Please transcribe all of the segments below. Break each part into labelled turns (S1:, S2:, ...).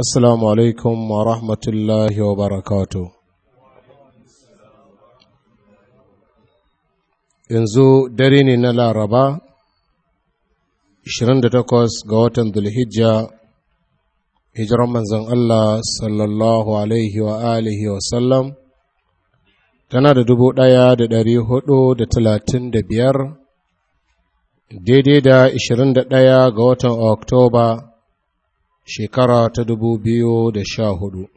S1: Assalamu alaikum wa rahmatullahi wa barakatu. Yanzu dare ne na Laraba, 28 ga watan Zulhijja, hijiran manzan Allah sallallahu alaihi wa alihi wa sallam, tana da dubu ɗaya da ɗari hudu da talatin da biyar, daidai da 21 ga watan Oktoba, shekara ta dubu biyu da sha hudu.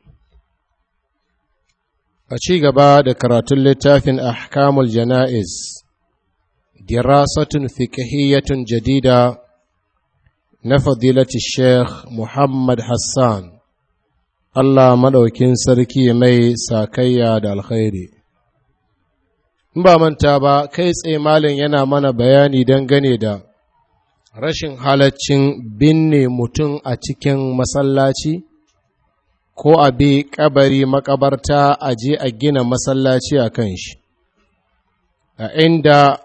S1: a ci gaba da karatun littafin ahkamul jana'iz dirasatun fiqhiyyatun jadida na fadilati sheikh muhammad hassan allah maɗaukin sarki mai sakayya da alkhairi in ba manta ba kai tsaye malin yana mana bayani dangane da rashin halaccin binne mutum a cikin masallaci ko a bi kabari makabarta a je a gina masallaci a kan shi a inda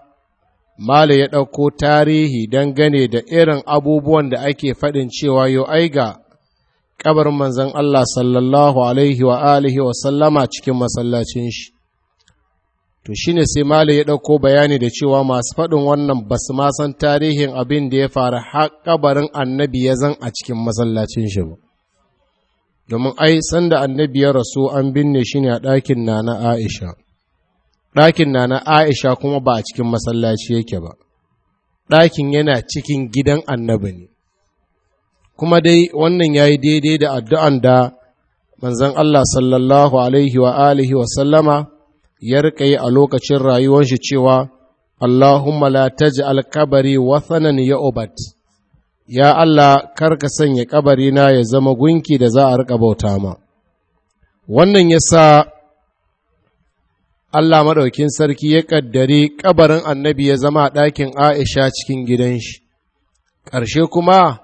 S1: mala ya ɗauko tarihi don gane da irin abubuwan da ake faɗin cewa yau aiga kabarin manzan Allah sallallahu alaihi wa alihi wa sallama cikin masallacin shi to shi ne sai Malam ya ɗauko bayani da cewa masu faɗin wannan ba su ma san tarihin abin da ya faru har kabarin annabi ya zan a cikin masallacin shi ba domin ai sanda annabi ya rasu an binne shi ne a ɗakin nana aisha ɗakin nana aisha kuma ba a cikin masallaci yake ba ɗakin yana cikin gidan annabi ne kuma dai wannan ya yi daidai da addu'an da manzan Allah sallallahu alaihi wa wa sallama ya riƙa yi a lokacin rayuwar shi cewa Allahumma la taj'al qabari wathanan ya'ubat ya Allah ka sanya kabari na ya zama gunki da za a riƙa bauta ma wannan yasa Allah maɗaukin sarki ya ƙaddari ƙabarin annabi ya zama a ɗakin Aisha cikin gidan shi, ƙarshe kuma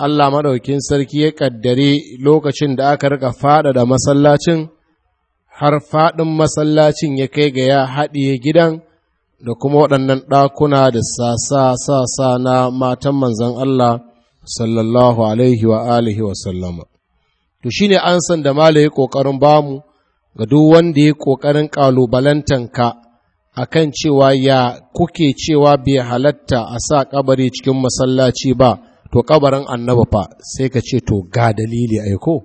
S1: Allah maɗaukin sarki ya ƙaddari lokacin da aka rika faɗaɗa masallacin har faɗin masallacin ya kai ga ya haɗiye gidan da kuma waɗannan ɗakuna da sasa sasa na matan Manzon Allah sallallahu alaihi wa alihi wa sallama. To shi ne an san da ya ƙoƙarin bamu ga duk wanda ya ƙoƙarin ƙalubalantanka a kan cewa ya kuke cewa bai halatta a sa ƙabari cikin masallaci ba, to ƙabarin annaba fa sai ka ce to ga dalili aiko.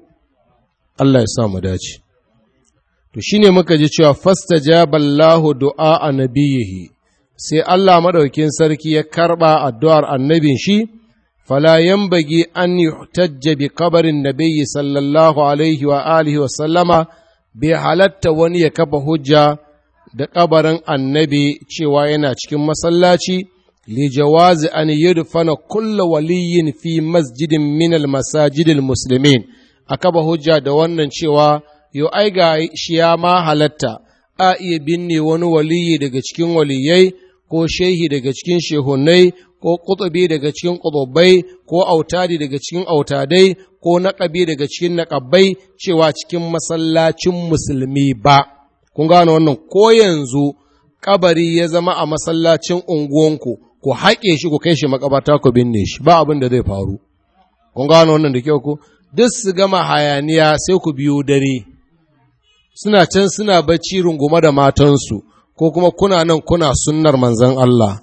S1: Allah ya sa mu dace. to shi ne muka ji cewa fastajaba Allahu du'a annabiyihi sai Allah maɗaukin sarki ya karɓa addu'ar annabin shi fala bagi an yuhtajja bi kabarin nabiyyi sallallahu alaihi wa alihi wa sallama bai halatta wani ya kafa hujja da kabarin annabi cewa yana cikin masallaci li jawazi an yudfana kulla waliyin fi masjidin Minal masajidil muslimin a kafa hujja da wannan cewa yo ai ga shi ya ma halatta a iya binne wani waliyi daga cikin waliyai ko shehi daga cikin shehunai ko kutubi daga cikin kutubai ko autadi daga cikin autadai ko naƙabi daga cikin naƙabai cewa cikin masallacin musulmi ba kun gane wannan ko yanzu kabari ya zama a masallacin unguwanku ku haƙe shi ku kai shi makabata ku binne shi ba abin da zai faru kun gane wannan da kyau ku duk su gama hayaniya sai ku biyo dare suna can suna bacci runguma da matansu ko kuma kuna nan kuna sunnar manzan Allah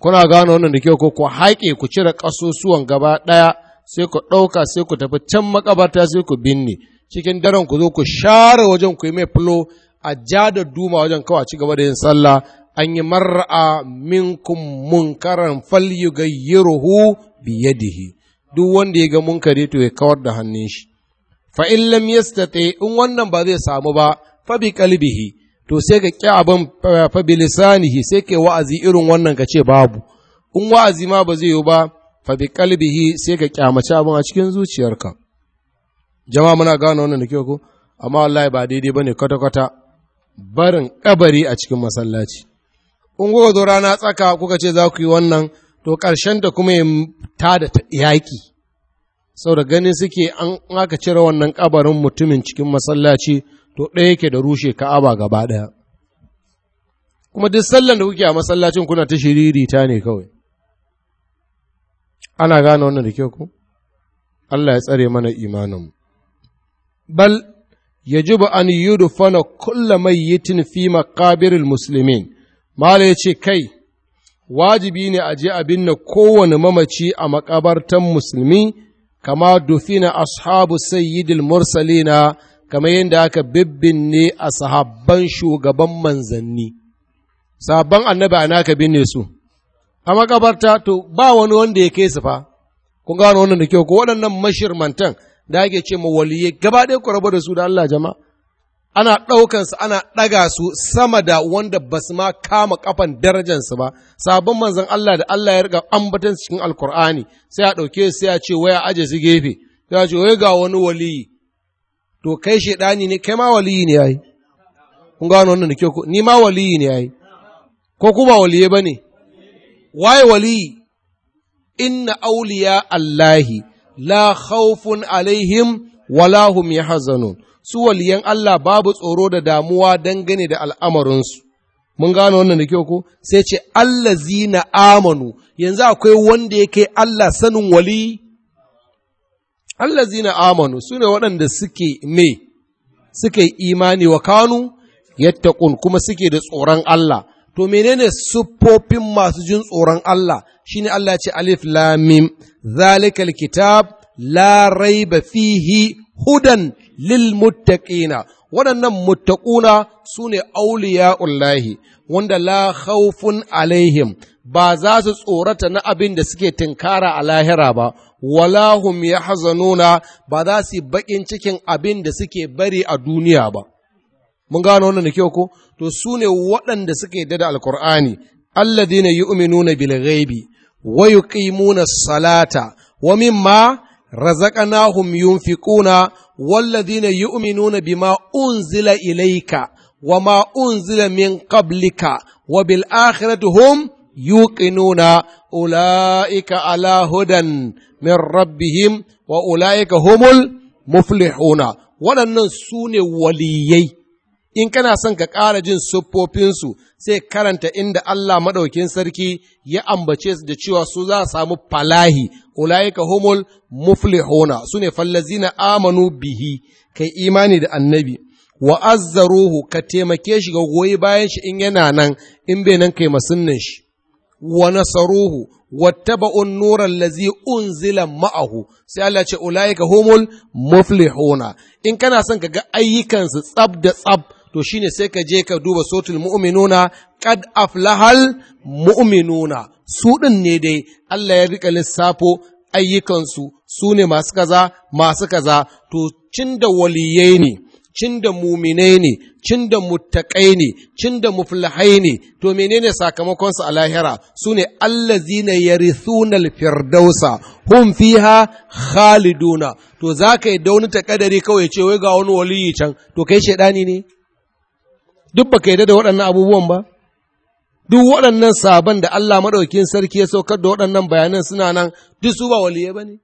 S1: kuna gano wannan da kyau ko ku haƙe ku cire ƙasusuwan gaba ɗaya sai ku ɗauka sai ku tafi can makabarta sai ku binne cikin daren ku zo ku share wajen ku yi mai fulo a ja da duma wajen kawai ci gaba da yin sallah an yi mar'a minkum munkaran falyugayyiruhu biyadihi duk wanda ya ga munkari to ya kawar da hannun shi fa in lam yastati in wannan ba zai samu ba fa bi qalbihi to sai ka ki abin eh, fa bi lisanihi sai kai wa'azi irin wannan ka ce babu in wa'azi ma ba zai yi ba fa bi qalbihi sai ka kyamaci abin a cikin zuciyarka jama'a muna gano wannan da ke ko amma wallahi ba daidai bane kwata kwata barin kabari a cikin masallaci in kuka zo rana tsaka kuka ce za ku yi wannan to ƙarshen da kuma ya tada yaƙi sau da ganin suke an aka cire wannan kabarin mutumin cikin masallaci to ɗaya yake da rushe ka'aba gaba ɗaya kuma duk sallan da kuke a masallacin kuna ta shiririta ne kawai ana gane wannan da kyau ku Allah ya tsare mana imanin bal yajibu an fana kullu mayyitin fi maqabiril muslimin mala yace kai wajibi ne a je a binne kowane mamaci a makabartan musulmi kama dufina ashabu sayyidil mursalina kamar yadda aka bibbinne a sahabban shugaban manzanni sahabban annabi a naka binne su a makabarta to ba wani wanda ya kai su fa kun gano wannan da kyau ko waɗannan mashirmantan da ake ce ma waliyai gaba ɗaya ku da su da Allah jama'a ana ɗaukansu ana ɗaga su sama da wanda ba su ma kama kafan darajansu ba sabon manzon Allah da Allah ya riga ambatan cikin alkur'ani sai a ɗauke sai a ce waya aje su gefe sai a ce wai ga wani waliyi to kai shaidani ne kai ma waliyi ne yayi kun gano wannan da kyau ko ni ma waliyi ne yayi ko kuma ba waliye bane waye waliyi inna awliya allahi la khawfun alaihim wala hum yahzanun su waliyan Allah babu tsoro da damuwa dangane da al'amarinsu. Mun gano wannan da kyau ko? Sai ce Allah zina amanu, yanzu akwai wanda yake Allah sanin wali? Allah zina amanu su ne waɗanda suke me, suke imani wa kanu, yattaqun kuma suke da tsoron Allah. To menene siffofin masu jin tsoron Allah? Shine Allah ce alif lamim, zalikal kitab la raiba fihi hudan lil muttaqina waɗannan muttaquna sune auliya'ullahi wanda la khawfun alaihim ba za su tsorata na abin da suke tinkara a lahira ba wala hum yahzanuna ba za su bakin cikin abin da suke bari a duniya ba mun gano wannan da kyau ko to sune waɗanda suke da alqur'ani alladhina yu'minuna bil ghaibi wa yuqimuna salata wa mimma razaqnahum yunfiquna walladhina yu'minuna bima unzila ilayka wama unzila min qablika wa bil akhirati hum yuqinuna ulaika ala hudan min rabbihim wa ulaika humul muflihuna waɗannan su ne waliyai in kana son ka ƙara jin siffofinsu sai karanta inda Allah maɗaukin sarki ya ambace su da cewa su za su samu falahi ulaika humul muflihuna sune fallazina amanu bihi kai imani da annabi wa azzaruhu ka taimake shi ga goyi bayan shi in yana nan in bai nan kai masunnan shi wa nasaruhu wattaba'un nura lazi unzila ma'ahu sai Allah ce ulaika humul muflihuna in kana son ka ga ayyukansu tsab da tsab to shine sai ka je ka duba sotul mu'minuna kad aflahal mu'minuna su din ne dai Allah ya rika lissafo ayyukansu su ne masu kaza masu kaza to cin da waliyai ne cin da muminai ne cin da muttaƙai ne cin da muflahai ne to menene sakamakonsu a lahira su ne allazina yarithuna sunan hum fiha khaliduna to za yi dauni ƙadari kawai ce wai ga wani waliyi can to kai shaidani ne duk ba ka yi da waɗannan abubuwan ba duk waɗannan sabon da Allah maɗaukin sarki ya saukar da waɗannan bayanan suna nan duk su ba waliye ba ne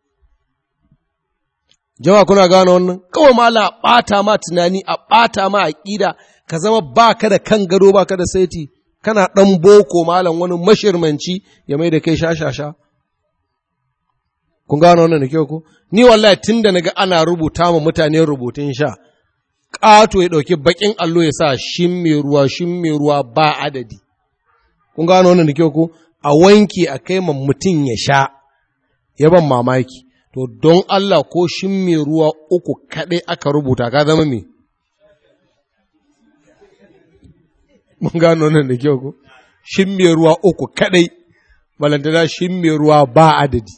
S1: jama kuna gane wannan kawai Allah a ɓata ma tunani a ɓata ma aƙida ka zama ba ka da kan gado ba ka da saiti kana ɗan boko malam wani mashirmanci ya mai da kai shashasha kun gane wannan da kyau ko ni wallahi tun da naga ana rubuta ma mutane rubutun sha ƙato ya ɗauki baƙin allo ya sa shin mai ruwa shin mai ruwa ba adadi kun gano wannan da kyau ko a wanke a kai ma mutum ya sha ya ban mamaki to don Allah ko shin mai ruwa uku kaɗai aka rubuta ka zama me mun gano wannan da kyau ko shin mai ruwa uku kaɗai balantana shin mai ruwa ba adadi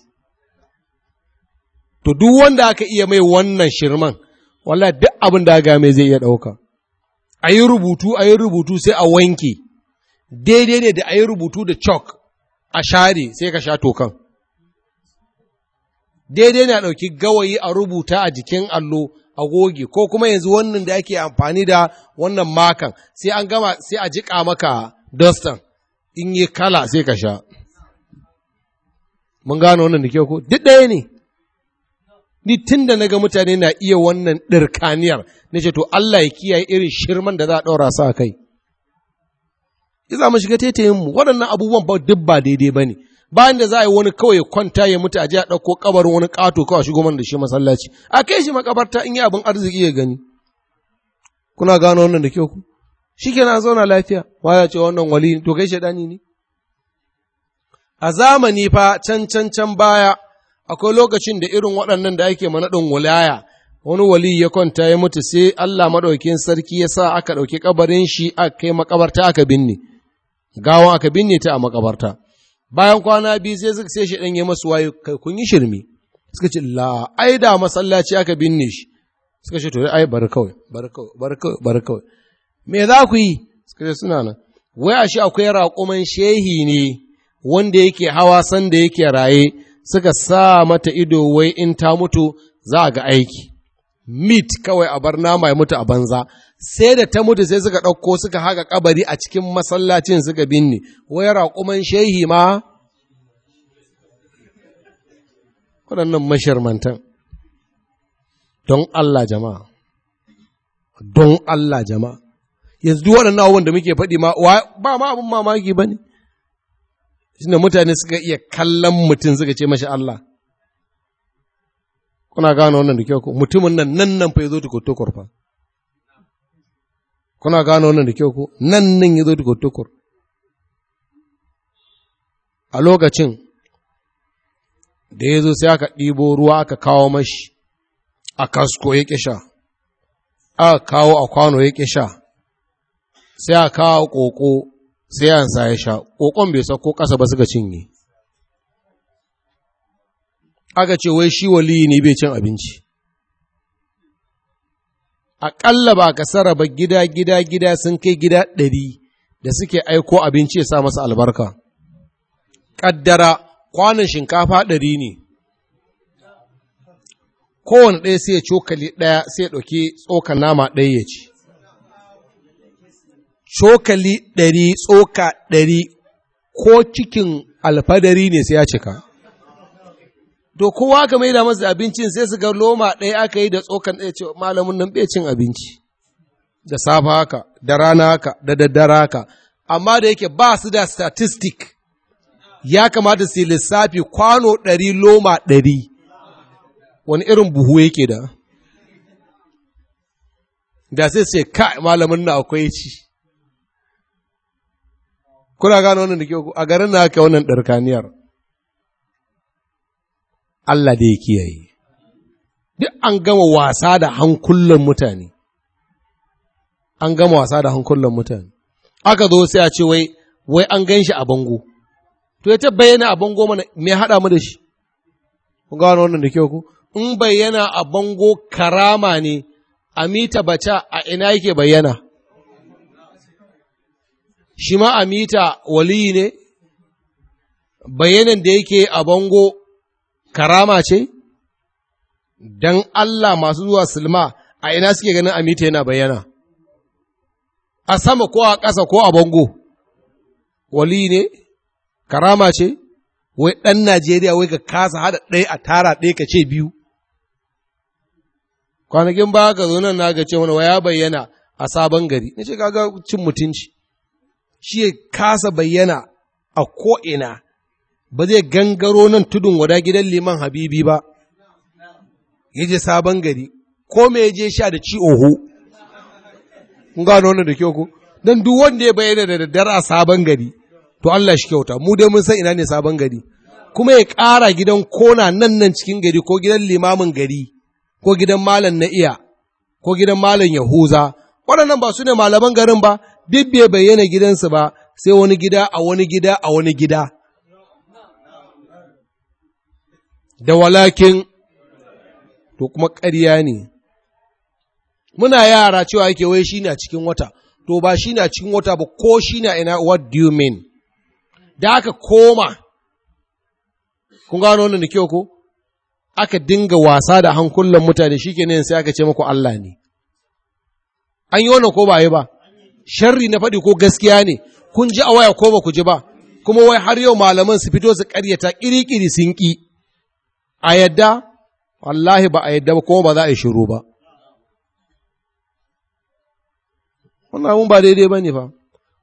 S1: to duk wanda aka iya mai wannan shirman wallahi duk abin da ga mai zai iya ɗauka a rubutu a rubutu sai a wanke daidai ne da a rubutu da chalk a share sai ka sha tokan daidai ne a ɗauki gawayi a rubuta a jikin allo a goge ko kuma yanzu wannan da ake amfani da wannan makan sai an gama sai a jiƙa maka dustin in yi kala sai ka sha mun gano wannan da kyau ko duk ɗaya ne ni tun da naga mutane na iya wannan ɗirkaniyar na ce to Allah ya kiyaye irin shirman da za a ɗaura sa kai iza mu shiga tetayen mu waɗannan abubuwan ba duk ba daidai bane bayan da za a yi wani kawai ya kwanta ya mutu a ji a ɗauko kabarin wani ƙato kawai shigo man da shi masallaci a kai shi makabarta in yi abin arziki ya gani kuna gano wannan da kyau ku shi na zauna lafiya wa ya ce wannan wali to kai shaɗani ne a zamani fa can can can baya akwai lokacin da irin waɗannan da ake manaɗin wilaya wani wali ya kwanta ya mutu sai Allah maɗaukin sarki ya sa aka ɗauki kabarin shi a kai makabarta aka binne gawan aka binne ta a makabarta bayan kwana biyu sai suka sai shi ɗan ya masu wayo kai kun yi shirmi suka ce la ai da masallaci aka binne shi suka ce to ai bar kawai bar kawai bar kawai bar kawai me za ku yi suka ce suna nan wai a shi akwai raƙuman shehi ne wanda yake hawa sanda yake raye suka sa mata ido wai in ta mutu za a ga aiki Mit kawai a bar nama ya mutu a banza sai da ta mutu sai suka ɗauko suka haka kabari a cikin masallacin suka binni. wai raƙuman shehi ma waɗannan mashirmantan don Allah jama'a don Allah jama'a yanzu waɗannan abubuwan da muke faɗi ma ba ma abin mamaki ba ne shi da mutane suka iya kallon mutum suka ce mashi Allah kuna gano wannan da kyau ko mutumin nan nan nan fa ya zo tukur fa kuna gano wannan da kyau ko nan nan ya yazo tukur a lokacin da ya zo sai aka ɗibo ruwa aka kawo mashi a kasko ya sha, aka kawo a kwano ya sha, sai aka kawo ƙoƙo sai an sa ya sha kokon bai sako kasa ba suka cinye aka ce wai shi waliyi ne bai cin abinci aƙalla ba ka ba gida gida gida sun kai gida ɗari da suke aiko abinci ya sa masa albarka ƙaddara kwanan shinkafa ɗari ne kowane ɗaya sai ya cokali ɗaya sai ya ɗauki tsokan nama ɗaya ya ci cokali ɗari tsoka ɗari ko cikin alfadari ne sai ya cika. To kowa ka mai da masa abincin sai su ga loma ɗaya aka yi da tsokan ɗaya ce malamin nan bai cin abinci. Da safa haka, da rana haka, da daddara haka. Amma da yake ba su da statistic ya kamata su lissafi kwano ɗari loma ɗari. Wani irin buhu yake da? Da sai sai ka malamin na akwai ci. Kuna gano wannan da ke a garin na aka wannan ɗarkaniyar. Allah da ya kiyaye. Duk an gama wasa da hankulan mutane. An gama wasa da hankulan mutane. Aka zo sai a ce wai, wai an gan shi a bango. To ya ta bayyana a bango mana me haɗa mu da shi. Ku gano wannan da ke ku? In bayyana a bango karama ne, a mita bata a ina yake bayyana. shi ma a waliyi ne, bayanan da yake a bango karama ce, don Allah masu zuwa silma a ina suke ganin Amita yana bayana, a sama ko a ƙasa ko a bango, waliyi ne, karama ce, wai ɗan Najeriya wai ka kasa haɗa ɗaya a tara ɗaya ka ce biyu. Kwanakin ba ka zo nan na ga ce wani ya bayyana a sabon gari, na ce kaga cin mutunci. shi ya kasa bayyana a ko'ina, ba zai gangaro nan tudun wada gidan liman habibi ba, ya je sabon gari, ko me ya je sha da ci oho, gano wannan da kyau ku, don duk wanda ya bayyana da daddare a sabon gari, to Allah shi kyauta, mu dai mun san ina ne sabon gari, kuma ya ƙara gidan kona nan nan cikin gari ko gidan limamin gari, ko gidan malam na iya, ko gidan malam Yahuza, waɗannan ba su ne malaman garin ba, duk bai bayyana gidansu ba sai wani gida a wani gida a wani gida. Da walakin, to kuma ƙarya ne. Muna yara cewa yake wai shi na cikin wata, to ba shi na cikin wata ba ko shi na ina what do you mean? Da aka koma, kun gano wannan da kyau ko? Aka dinga wasa da hankulan mutane shi ke sai aka ce maku Allah ne. An yi wannan ko ba yi ba? sharri na faɗi ko gaskiya ne kun ji a waya ko ba ku ji ba kuma wai har yau malaman su fito su ƙaryata ƙiri-ƙiri sun ƙi a yadda wallahi ba a yadda ba kuma ba za a yi shiru ba wannan abun ba daidai ba ne fa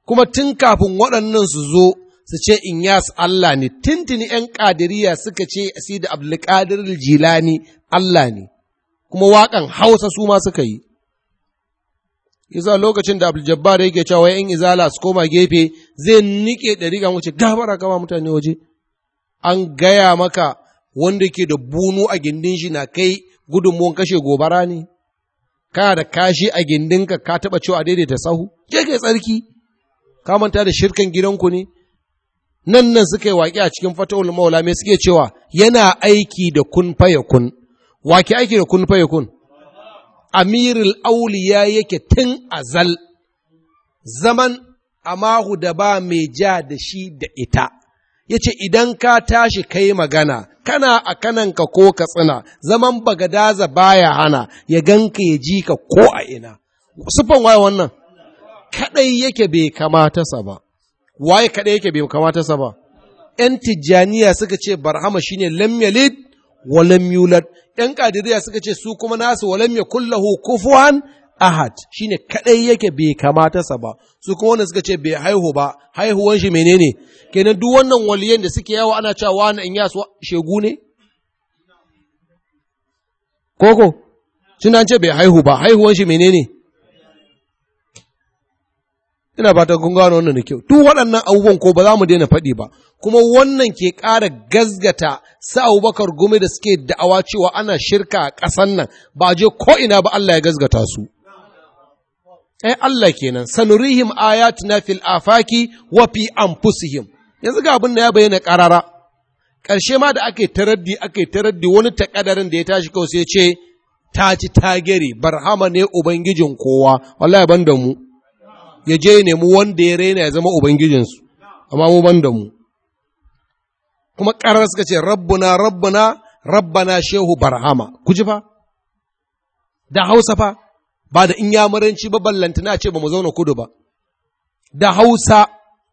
S1: kuma tun kafin waɗannan su zo su ce in yas Allah ne tintini ‘yan ƙadiriya suka ce si da abdulkadir jilani Allah ne kuma waƙan hausa su ma suka yi isa lokacin da abuljabbar yake cewa in izala su koma gefe zai nike da riga wuce gabara kama mutane waje an gaya maka wanda ke da bunu a gindin shi na kai gudunmuwan kashe gobara ne kana da kashi a gindin ka ka taba cewa daidaita sahu je kai tsarki ka manta da shirkan gidanku ne nan nan suka yi waƙe a cikin fatawul maula mai suke cewa yana aiki da kun faya kun waƙe aiki da kun faya kun amirul auliya yake tun azal, zaman amahu da ba mai ja da shi da ita, ya ce idan ka tashi kai magana, kana a kananka ko ka tsina, zaman bagadaza baya hana, ya ganka ya ji ka ko a ina. Sufan waye wannan, kadai yake bai kamata sa ba, waye kaɗai yake bai kamata sa ba. ‘Yan Tijjaniya suka ce Barhama shine ne walam yulad ‘yan ƙadiriya suka ce su kuma nasu walam ya kullahu kufuwan ahad shine kadai yake bai kamata sa ba su kuma wanda suka ce bai haihu ba haihuwan shi menene kenan duk wannan waliyan da suke yawo ana cewa wani in yasu shegu ne koko suna ce bai haihu ba haihuwan shi menene ina fatan kun gano wannan da kyau duk waɗannan abubuwan ko ba za mu daina faɗi ba kuma wannan ke ƙara gazgata sa Abubakar gumi da suke da'awa cewa ana shirka a ƙasan nan ba je ko'ina ba Allah ya gazgata su ai eh, Allah kenan sanurihim na fil afaki wa fi anfusihim yanzu ga abin da ya bayyana ƙarara ƙarshe ma da ake taraddi ake taraddi wani takadarin da ya tashi kawai sai ce ta ci tagere barhama ne ubangijin kowa wallahi ban da mu ya je nemi wanda ya raina ya zama ubangijinsu amma mu ban da mu kuma ƙarar suka ce rabbuna rabbuna rabbana shehu barhama ku ji fa da hausa fa ba da inyamuranci ba ballantana ce ba mu zauna kudu ba da hausa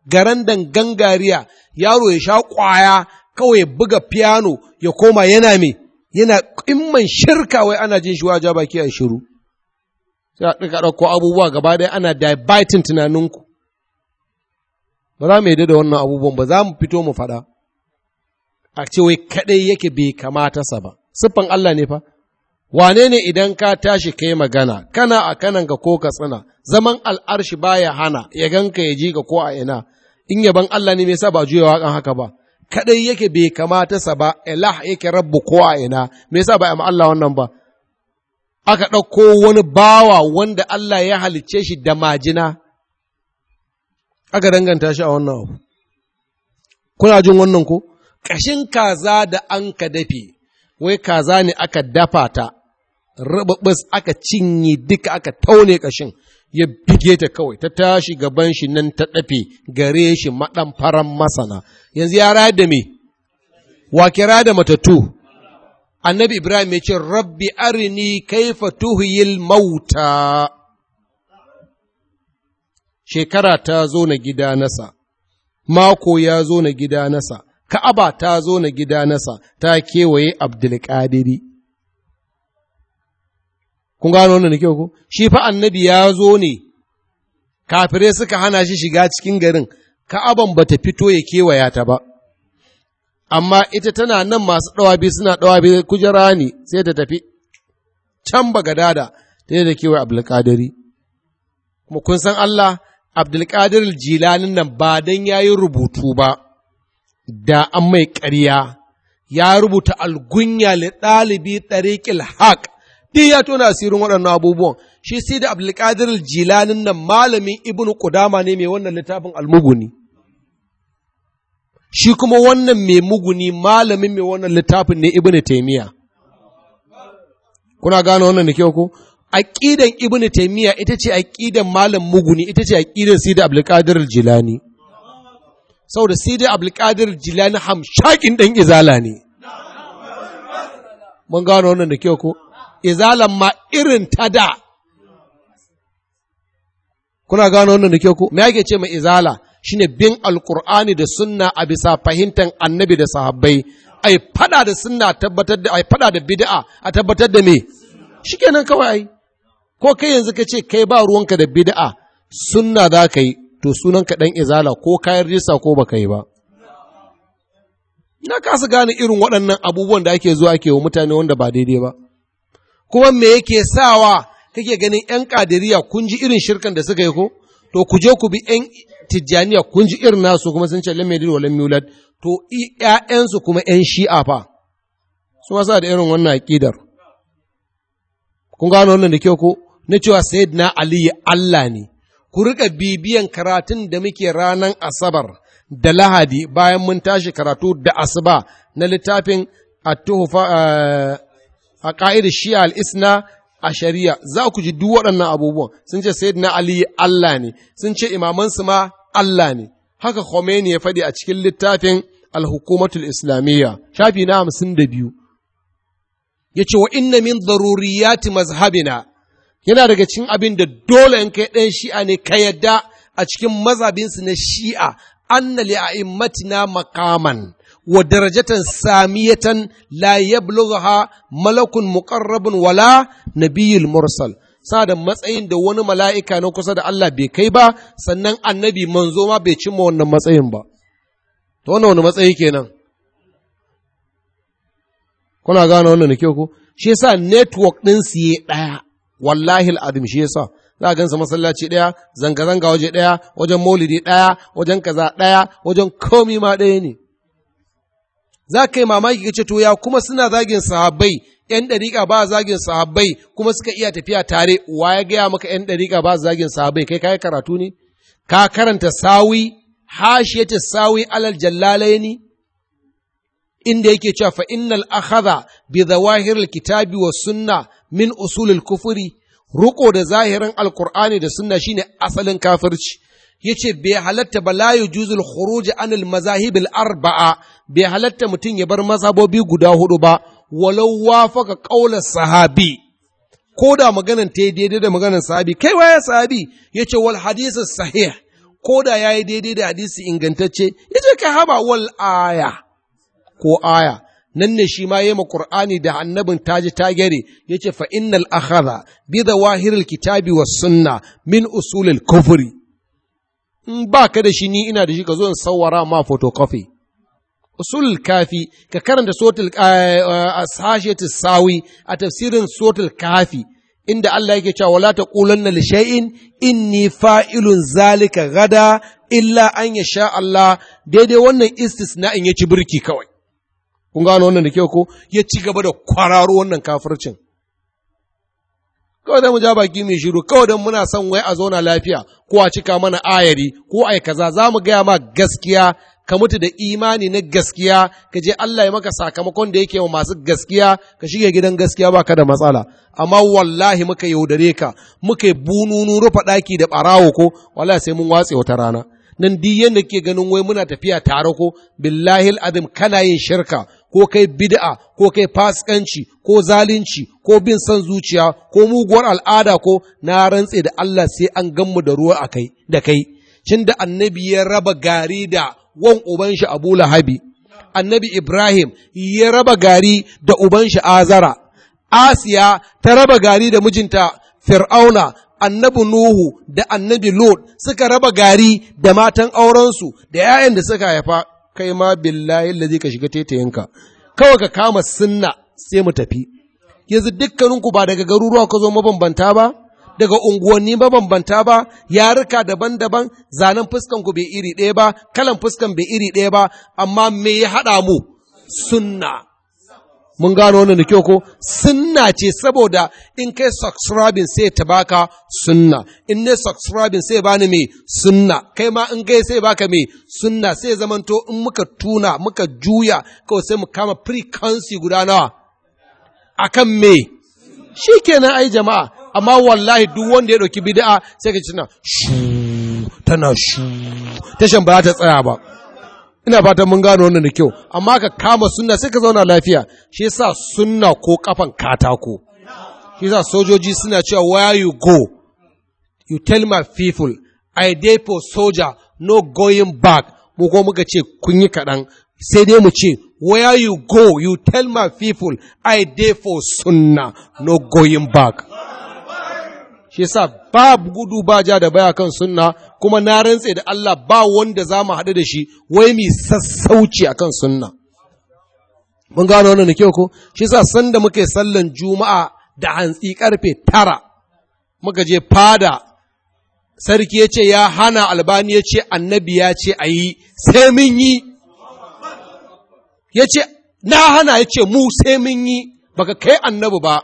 S1: garan dan gangariya yaro ya sha ƙwaya kawai ya buga piano ya koma yana me yana imman shirka wai ana jin shi waje baki a shiru sai a ɗaga ɗauko abubuwa gaba ɗaya ana diabetin tunaninku ba za mu yi da wannan abubuwan ba za mu fito mu faɗa a ce wai kaɗai yake bai kamata sa ba, siffan Allah ne fa, wane ne idan ka tashi kai magana, kana a kanan ka ko ka tsina, zaman al'arshi ya hana, ya ganka ya ji ka ko a ina, in yaban Allah ne me sa ba juyawa kan haka ba, kaɗai yake bai kamata sa ba, ilah yake rabu ko a ina, me sa ba ma Allah wannan ba. Aka ɗauko wani bawa wanda Allah ya halicce shi da majina, aka danganta shi a wannan abu. Kuna jin wannan ko? ƙashin kaza da an ka dafe, wai kaza ne aka dafa ta, bas aka cinye duka aka taune ƙashin, ya bige ta kawai, ta tashi gaban shi nan ta ɗafe gare shi maɗan faran masana. Yanzu ya rayar da me? Wa kira da matattu. Annabi Ibrahim ya ce, Rabbi arini kaifa tuhiyil mauta. Shekara ta zo na gida nasa, mako ya zo na gida nasa. Ka'aba ta zo na gida nasa ta kewaye Abdulkadiri. Kun gano wannan kyau ko? Shi fa annabi ya zo ne, kafirai suka hana shi shiga cikin garin, Ka'aban ba ta fito ya kewaya ta ba. Amma ita tana nan masu ɗawabi suna ɗawabi kujera ne sai ta tafi can gadada ta yi da kewaye Abdulkadiri. Kuma kun san Allah, Abdulkadir jilanin nan ba don ya yi rubutu ba, da an mai ƙarya ya rubuta algunya li ɗalibi ɗariƙil haƙ duk ya tona asirin waɗannan abubuwan shi sai da abdulkadir jilanin nan malamin ibn kudama ne mai wannan littafin almuguni shi kuma wannan mai muguni malamin mai wannan littafin ne ibn taimiya kuna gane wannan da kyau ko aqidan ibn taimiya ita ce aqidan malam muguni ita ce aqidan sai da abdulkadir jilani saboda sai dai abdulkadir jilani hamshakin ɗan izala ne mun gano wannan da kyau ko izalan ma irin ta da kuna gano wannan da kyau ko me ake ce mai izala shine bin Alƙur'ani da sunna a bisa fahimtar annabi da sahabbai ai fada da sunna tabbatar da ai fada da bid'a a tabbatar da me shikenan kawai ai ko kai yanzu ka ce kai ba ruwanka da bid'a sunna za ka yi to sunan ka ɗan izala ko kayan rijista ko baka yi ba na kasa gane irin waɗannan abubuwan da ake zuwa ake wa mutane wanda ba daidai ba kuma me yake sawa kake ganin ‘yan ƙadiriya kun ji irin shirkan da suka yi ko to ku je ku bi ‘yan tijjaniya kun ji irin nasu kuma sun ce lamme dil walan miulad to ‘ya'yansu kuma ‘yan shi'a fa su masa da irin wannan aƙidar kun gano wannan da kyau ko na cewa na ali Allah ne ku riƙa bibiyan karatun da muke ranar Asabar da Lahadi bayan mun tashi karatu da Asuba na littafin a ƙa'idar eh, shi'a al'isna a shari'a za ku ji duk waɗannan abubuwan sun ce sayyidina Ali Allah ne sun ce imamansu ma Allah ne haka Khomeini ya faɗi a cikin littafin alhukumatul islamiyya shafi na hamsin da biyu ya ce wa inna min zaruriyati mazhabina yana daga cikin abin da dole in kai ɗan shi'a ne ka yadda a cikin mazabinsu na shi'a an li a'immatina makaman wa darajatan samiyatan la yablughaha malakun muqarrabun wala nabiyyul mursal sa da matsayin da wani mala'ika na kusa da Allah bai kai ba sannan annabi manzo ma bai cimma wannan matsayin ba Ta wannan wani matsayi kenan kuna gane wannan da kyau ko shi sa network ɗin su ɗaya wallahi al'adim shi yasa za a gansa masallaci ɗaya zanga-zanga waje ɗaya wajen maulidi ɗaya wajen kaza ɗaya wajen komi ma ɗaya ne za ka yi mamaki kace to ya kuma suna zagin sahabbai ‘yan ɗariƙa ba zagin sahabbai kuma suka iya tafiya tare wa ya gaya maka ‘yan ɗariƙa ba zagin sahabbai kai kayi karatu ne ka karanta sawi Hashi hashiyata sawi alal jallalai ne inda yake cewa fa innal akhadha bi zawahiril kitabi was sunna min usulul kufuri ruko da zahirin alkur'ani da sunna shine asalin kafirci yace bai halatta ba la yujuzul khuruj anil mazahibil arba'a bai halatta mutum ya bar mazhabobi guda hudu ba walau wafaka qaular sahabi ko da maganan ta daidai da maganan sahabi kai waye sahabi yace wal hadisi sahih ko da yayi daidai da hadisi ingantacce yace kai haba wal aya ko aya nan ne shi ma yema Qur'ani da annabin taji ya yace fa innal akhadha bi zawahiril kitabi was sunna min usulil kufri in ba ka da shi ni ina da shi ka zo in sawara ma photocopy usul kafi ka karanta suratul eh, eh, sashiyatu sawi a tafsirin sotul kafi inda Allah yake cewa wala taqulanna li shay'in inni fa'ilun zalika gada illa an yasha Allah daidai wannan istisna'in ya ci birki kawai kun gano wannan da kyau ko ya ci gaba da kwararo wannan kafircin kawai da mu ja baki mai shiru kawai da muna son wai a zauna lafiya ko a cika mana ayari ko ai kaza za mu gaya ma gaskiya ka mutu da imani na gaskiya ka je Allah ya maka sakamakon da yake wa masu gaskiya ka shige gidan gaskiya ba ka da matsala amma wallahi muka yaudare ka muka yi bununu rufa ɗaki da ɓarawo ko wallahi sai mun watse wata rana nan duk yadda ke ganin wai muna tafiya tare ko billahi al'adim kana yin shirka ko kai bid'a ko kai fasikanci ko zalunci ko bin son zuciya ko muguwar al'ada ko na rantse da Allah sai an ganmu da ruwa a kai da kai cin da annabi ya raba gari da wan uban shi Abu Lahabi annabi Ibrahim ya raba gari da uban shi Azara Asiya ta raba gari da mijinta Fir'auna annabi Nuhu da annabi Lot suka raba gari da matan aurensu da ‘ya'yan da suka haifa, kai ma billahi lazi ka shiga taitayenka kawai ka kama sunna sai mu tafi yanzu dukkaninku ba daga garuruwa ka zo mabambanta ba daga unguwanni mabambanta ba yaruka daban-daban zanen fuskan ku bai iri ɗaya ba kalan fuskan bai iri ɗaya ba amma me ya haɗa mu sunna mun gano wannan da kyau ko sunna ce saboda in kai subscribing sai ta baka sunna in ne subscribing sai bani mai sunna kai ma in kai sai baka mai sunna sai zamanto in muka tuna muka juya kawai sai mu kama frequency guda nawa akan me shikenan ai jama'a amma wallahi duk wanda ya dauki bid'a sai ka ci tana shu tana shu tashan ba ta tsaya ba ina fatan mun gano wannan da kyau amma ka kama sunna sai ka zauna lafiya shi yasa sunna ko kafan katako shi yasa sojoji suna cewa where you go you tell my people i dey for soldier no going back mu go muka ce kun yi kaɗan sai dai mu ce where you go you tell my people i dey for sunna no going back shi sa babu gudu ba ja da baya kan sunna kuma na rantse da Allah ba wanda za mu haɗu da shi wai mi sassauci a kan sunna mun gano wannan da kyau ko shi sanda muka yi sallan juma'a da hantsi karfe tara muka je fada sarki ya ce ya hana albani ya ce annabi ya ce a yi sai mun yi ya ce na hana ya ce mu sai mun yi baka kai annabi ba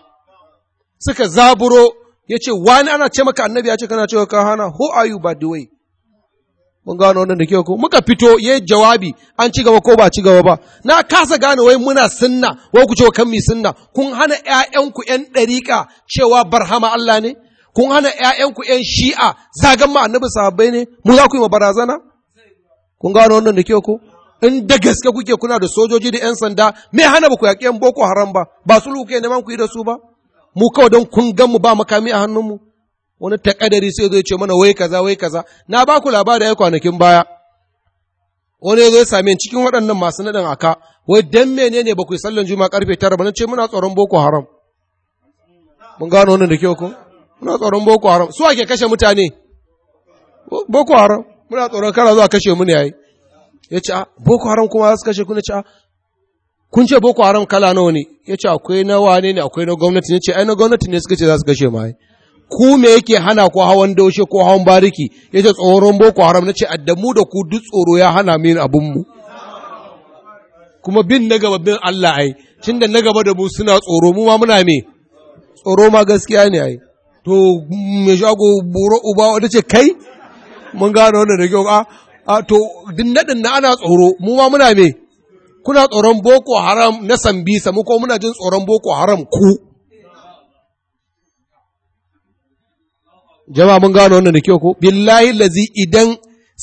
S1: suka zaburo ya ce wani ana ce maka annabi ya ce kana cewa ka hana who are you by the way mun gano wannan da ke ko muka fito ya yi jawabi an ci gaba ko ba ci gaba ba na kasa gane wai muna sunna wai ku cewa kan mi sunna kun hana ƴaƴanku ƴan ɗariƙa cewa barhama Allah ne kun hana ƴaƴanku ƴan shi'a zagan ma annabi sahabbai ne mu za ku yi ma barazana kun gano wannan da ke ko in da gaske kuke kuna da sojoji da ƴan sanda me hana ba ku yaƙi ƴan boko haram ba ba su luke neman ku yi da su ba mu kawai don kun gan mu ba makami a hannunmu wani takadari sai zai ce mana wai kaza wai kaza na ba ku labari ai kwanakin baya wani zai zo same cikin waɗannan masu naɗin aka wai dan menene ba ku yi sallan juma'a karfe tara ba ce muna tsoron boko haram mun gano wannan da kyau ko muna tsoron boko haram su ake kashe mutane boko haram muna tsoron kara zuwa kashe mu ne yayi ya ce ah, boko haram kuma za su kashe ku na ce ah, kun ce boko haram kala nawa ne ya ce akwai na wane ne akwai na gwamnati ne ce ai na gwamnati ne suka ce za su kashe mai ku me yake hana ko hawan daushe ko hawan bariki ya ce tsoron boko haram na ce addamu da ku duk tsoro ya hana min abinmu kuma bin na gaba bin Allah ai tun da na gaba da mu suna tsoro mu ma muna me tsoro ma gaskiya ne ai to me shago buro uba wanda ce kai mun gano wannan da kyau a to dinnadin na ana tsoro mu ma muna me kuna tsoron boko haram na sambisa mu ko muna jin tsoron boko haram ku jama'a mun gano wannan da kyau ko billahi lazi idan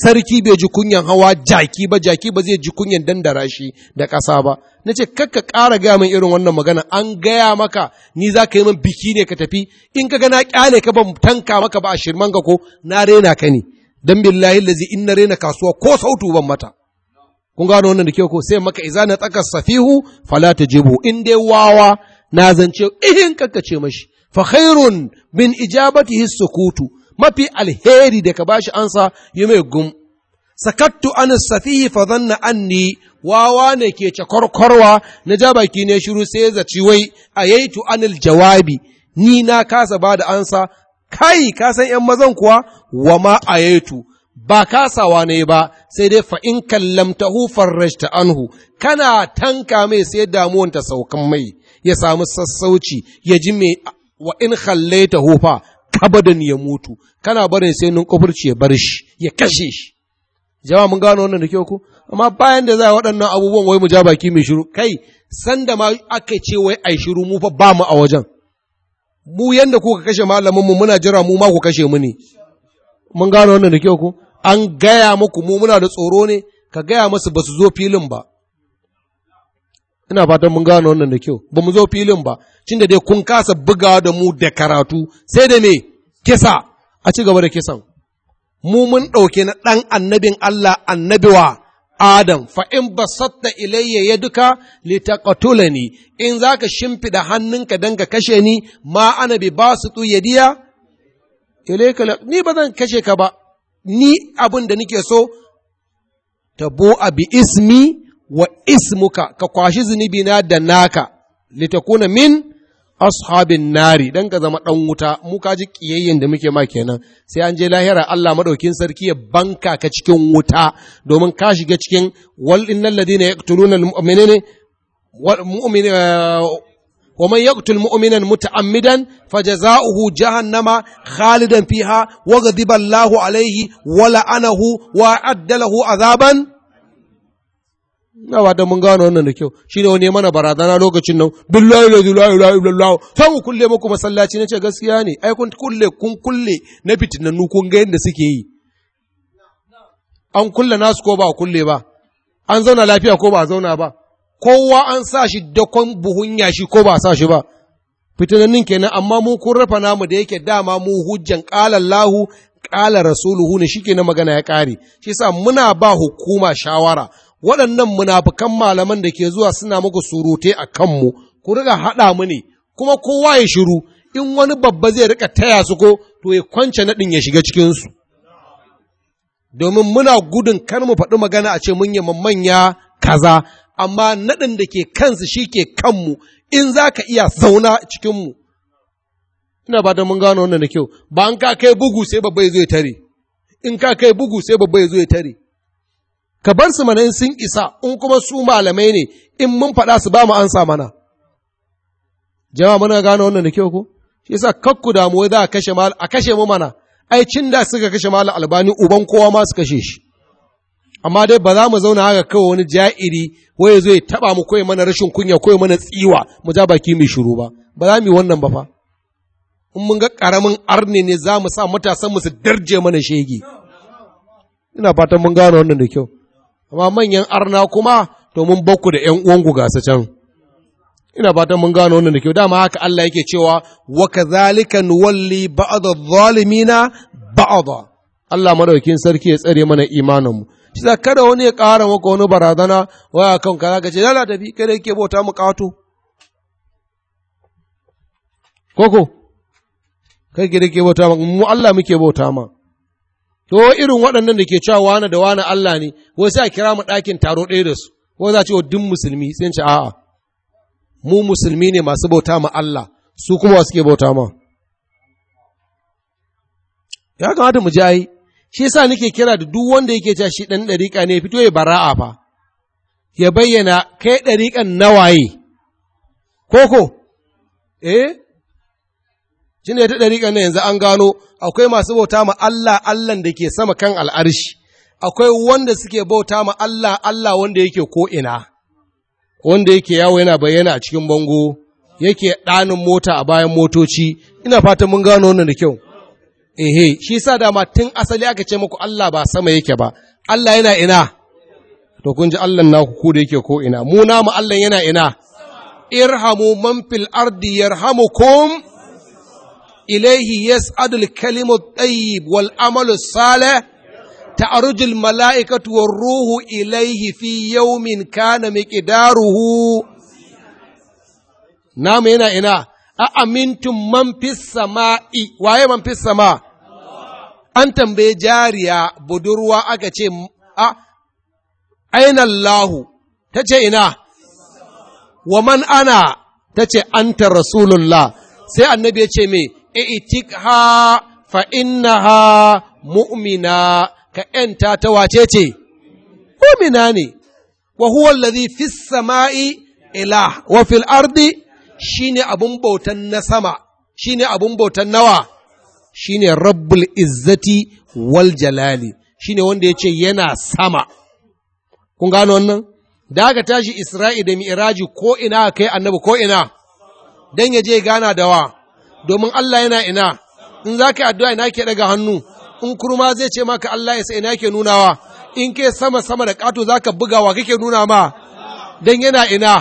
S1: sarki bai ji kunyan hawa jaki ba jaki ba zai ji kunyan dandara shi da ƙasa ba na ce kakka ƙara gaya min irin wannan magana an gaya maka ni za ka yi min biki ne ka tafi in ka gana ƙyale ka ban tanka maka ba a shirman ka ko na rena ka ne dan billahi lazi in na rena kasuwa ko sautu ban mata kun gano wannan da kyau ko sai maka iza na tsaka safihu fala tajibu in dai wawa na zance ihin kakkace mashi fa khairun min ijabatihi sukutu mafi alheri da ka bashi ansa yi mai gum sakattu an safihi fa dhanna anni wawa ne ke cakorkorwa na ja baki ne shiru sai ya zaci wai ayaitu anil jawabi ni na kasa bada ansa kai kasan yan mazan kuwa wa ma ayaitu ba kasawa ne ba sai dai fa in kallamtahu farrajta anhu kana tanka mai sai damuwan ta saukan mai ya samu sassauci ya ji mai wa in khallaitahu hufa kabadan ya mutu kana barin sai nun kufurci ya bar shi ya kashe shi Jam'a mun gano wannan da kyau ku? amma bayan da za a waɗannan abubuwan wai mu ja baki mai shiru kai sanda ma aka ce wai a shiru mu fa ba mu a wajen mu yanda kuka kashe malamin mu muna jira mu ma ku kashe mu ne mun gano wannan da kyau ku? an gaya muku mu muna da tsoro ne ka gaya masu ba su zo filin ba ina fatan mun gano wannan da kyau ba mu zo filin ba cin da dai kun kasa buga da mu da karatu sai da me kisa a ci gaba da kisan mu mun ɗauke na ɗan annabin Allah annabiwa Adam fa in basatta ilayya yaduka litaqtulani in zaka da hannunka dan ka kashe ni ma ana bi basitu yadiya ilayka ni ba zan kashe ka ba ni abin da nake so ta tabo abi ismi wa ismuka ka kwashi zunubina da naka litakuna min ashabin nari dan ka zama ɗan wuta mu ka ji kiyayyen da muke ma kenan sai an je lahira Allah madaukin sarki ya banka ka cikin wuta domin ka shiga cikin wal innal ladina yaqtuluna al mu'minina ومن يقتل مؤمنا متعمدا فجزاؤه جهنم jahannama khalidan fiha الله عليه ولعنه alaihi wa la'anahu azaban na wa da mun gano wannan da kyau shine wani mana barazana lokacin nan billahi la ilaha allah sai mu kulle muku masallaci nace gaskiya ne ai kun kulle kun kulle na fitinannu kun ga yadda suke yi an kulle nasu ko ba kulle ba an zauna lafiya ko ba zauna ba kowa an sa shi dakon buhun yashi ko ba sa shi ba fitinannin kenan amma mu kun rafa namu da yake dama mu hujjan ƙalar lahu ƙalar rasuluhu ne na magana ya kare shi sa muna ba hukuma shawara waɗannan munafukan malaman da ke zuwa suna muku surute a kanmu ku riga haɗa mu ne kuma kowa ya shiru in wani babba zai rika taya su ko to ya kwance naɗin ya shiga cikinsu domin muna gudun kar mu faɗi magana a ce mun yi manya kaza amma naɗin da ke kansu shi ke kanmu in za ka iya zauna cikinmu. Ina ba da mun gano wannan da kyau, ba an ka kai bugu sai babba ya zo ya tare, in ka kai bugu sai babba ya zo ya tare. Ka bar su mana in sun isa, in kuma su malamai ne, in mun faɗa su ba mu ansa mana. Jama'a muna gano wannan da kyau ko? Shi yasa kakku damuwa za a kashe a kashe mu mana, ai cin da suka kashe malam albani uban kowa ma su kashe shi. amma dai ba za mu zauna haka kawai wani ja'iri wai ya zo ya taba mu koyi mana rashin kunya koyi mana tsiwa mu ja baki mai shiru ba ba za mu yi wannan ba fa in mun ga karamin arne ne za mu sa matasan mu su darje mana shege ina fatan mun gane wannan da kyau amma manyan arna kuma to mun bakku da ƴan uwanku gasa can ina fatan mun gano wannan da kyau dama haka Allah yake cewa wa kadhalika nuwalli ba'd adh-dhalimina ba'd Allah madaukin sarki ya tsare mana imaninmu shi kada wani ya ƙara maka wani barazana waya kan ka ka ce lala tafi kada yake bauta mu ƙato koko kai ki yake bauta maka mu Allah muke bauta ma to irin waɗannan da ke cewa wani da wani Allah ne wai sai a kira mu ɗakin taro ɗaya da su ko za a ce wa duk musulmi sai ce a'a mu musulmi ne masu bauta ma Allah su kuma suke bauta ma ya kamata mu ji ai shi yasa nake kira da duk wanda yake cewa shi dan dariƙa ne fito ya bara'a fa ya bayyana kai dariƙan nawaye koko eh ne ta dariƙan na yanzu an gano akwai masu bauta ma Allah Allahn da ke sama kan al'arshi akwai wanda suke bauta ma Allah Allah wanda yake ko ina wanda yake yawo yana bayyana a cikin bango yake ɗanin mota a bayan motoci ina fatan mun gano wannan da kyau ehe shi sa dama tun asali aka ce muku Allah ba sama yake ba Allah yana ina to kun ji Allah naku ku da yake ko ina mu namu Allah yana ina irhamu man fil ardi ilaihi ilayhi yas'adul kalimu tayyib wal amalu ta salih تعرج الملائكة ilaihi fi yaumin kana كان namu yana ina, a amintun man fi sama'i, waye man fi sama'i? an tambaye jariya budurwa aka ce a ainallahu ta ce ina wa man ana ta ce anta rasulullah sai annabi ya ce me itik ha fa ha mu'mina ka ‘yanta ta wace ce, mu'mina ne, wa huwa allazi fi sama'i wa fil ardi shine abun bautan na sama shine abun bautan nawa shine rabbul izzati wal jalali shine wanda ya ce yana sama kun gano wannan da aka tashi isra'i da mi'raji ko ina kai annabi ko ina dan je gana da wa domin Allah yana ina in za ka yi addu'a ina ke daga hannu in kurma zai ce maka Allah ya sai ina ke nunawa in ke sama sama da kato ka buga wa kake nuna ma dan yana ina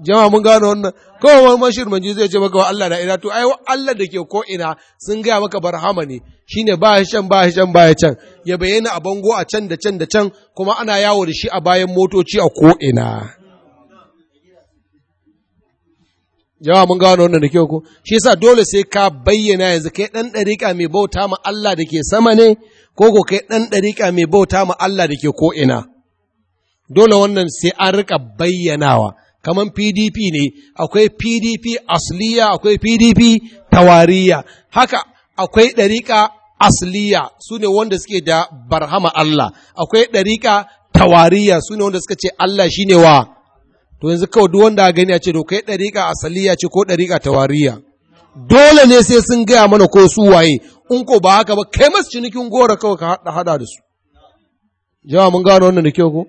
S1: jama'a mun gano wannan kawai wani manji zai ce maka wa Allah na ina to ai Allah da ke ko ina sun gaya maka barhama ne shine ba ya shan ba shan ba can ya bayyana a bango a can da can da can kuma ana yawo da shi a bayan motoci a ko ina jama'a mun gano wannan da ke ko shi yasa dole sai ka bayyana yanzu kai dan dariƙa mai bauta ma Allah da ke sama ne ko ko kai dan dariƙa mai bauta ma Allah da ke ko ina dole wannan sai an rika bayyanawa kamar PDP ne, akwai PDP asliya, akwai PDP tawariya, haka akwai ɗariƙa asliya su ne wanda suke da barhama Allah, akwai ɗariƙa tawariya su ne wanda suka ce Allah shi ne wa, to yanzu kawai duk wanda gani a ce to kai ɗariƙa asliya ce ko ɗariƙa tawariya. Dole ne sai sun gaya mana ko su waye, in ko ba haka ba kai masu cinikin gora kawai ka haɗa da su. Jama mun gano wannan da kyau ko?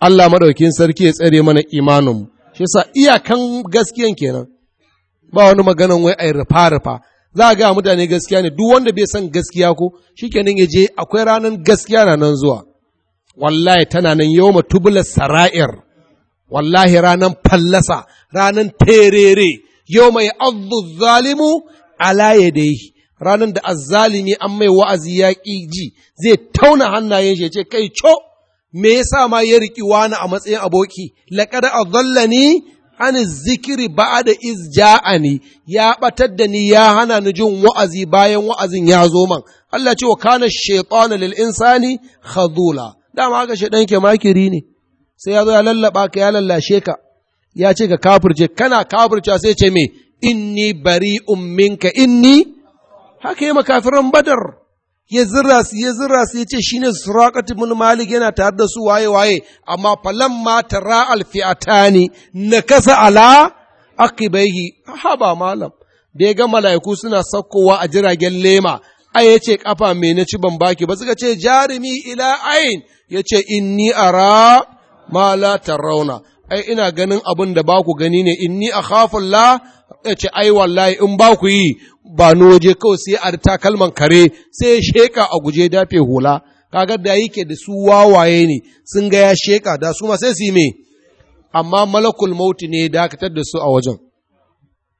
S1: Allah maɗaukin sarki ya tsare mana imanin shi sa iyakan gaskiyan kenan ba wani maganan wai yi rufa rufa za a ga mutane gaskiya ne duk wanda bai san gaskiya ko shi kenan ya je akwai ranar gaskiya na nan zuwa wallahi tana nan ma tubula sara'ir wallahi ranar fallasa ranar terere mai abu zalimu ala yi. Ranar da azzalimi an mai wa'azi ya ji zai tauna hannayen shi ya ce kai co me yasa ma ya riƙi wani a matsayin aboki zalla ni, an zikiri da iz ni. ya ɓatar da ni ya hana ni jin wa'azi bayan wa'azin ya zo man Allah ce wa kana shaytanu lil insani khadula dama haka shaydan ke makiri ne sai ya zo ya lallaba ka ya lallashe ka ya ce ka kafirce kana kafirce sai ce me inni bari'un minka inni haka yi makafiran badar ya zira su ya zira su ya ce shine suraqat ibn malik yana tare da su waye waye amma falamma tara ne fi'atani kasa ala aqibaihi haba malam da ya ga mala'iku suna saukowa a jiragen lema ai ya ce kafa mai na ci ban baki ba suka ce jarumi ila ain ya ce inni ara ma la rauna. ai ina ganin abin da ba ku gani ne in ni a la ya ce ai wallahi in ba ku yi ba ni waje kawai sai a takalman kare sai ya sheka a guje dafe hula kaga da yake da su wawaye ne sun ga ya sheka da su ma sai su yi me amma malakul mauti ne dakatar da su a wajen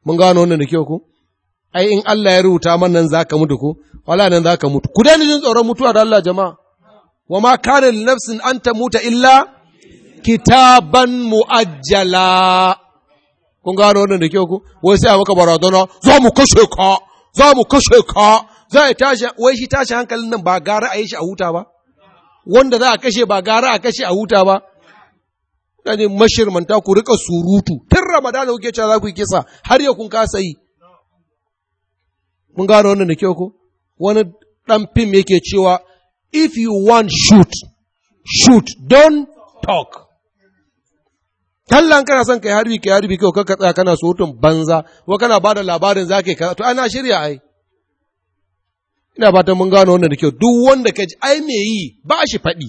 S1: mun gano wannan da kyau ku ai in Allah ya rubuta man nan zaka mutu ku? wala nan zaka mutu ku ni jin tsoron mutuwa da Allah jama'a wa ma kana lil nafsin an tamuta illa kitaban mu'ajjala kun gano wannan da kyau ku wai sai a maka barazana za mu kashe ka za mu kashe ka za a tashi wai shi tashi hankalin nan ba gara a yi shi a huta ba wanda za a kashe ba gara a kashe a huta ba yani mashirmanta ku rika surutu tun ramadana kuke cewa za ku yi kisa har yau kun kasa yi mun gano wannan da kyau ko wani dan fim yake cewa if you want shoot shoot don't talk tallan kana son ka yi harbi ka yi harbi kai ka tsaya kana surutun banza ko kana bada labarin zaka kaza to ana shirya ai ina ta mun gano wannan da kyau duk wanda ka ji ai me yi ba shi faɗi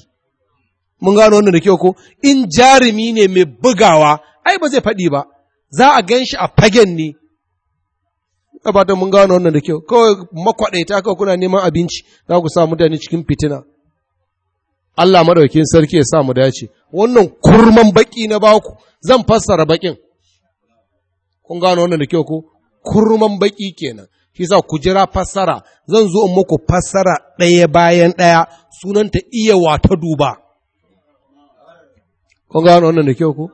S1: mun gano wannan da kyau ko in jarumi ne mai bugawa ai ba zai faɗi ba za a gan shi a fagen ne ina ta mun gano wannan da kyau kawai makwaɗaita kawai kuna neman abinci za ku sa mutane cikin fitina Allah maɗaukin sarki ya sa mu dace wannan kurman baki na baku zan fassara bakin kun gano wannan da kyau ko kurman baƙi kenan shi sa ku jira fassara zan zo in muku fassara ɗaya bayan ɗaya sunanta iya wata duba kun gano wannan da kyau ko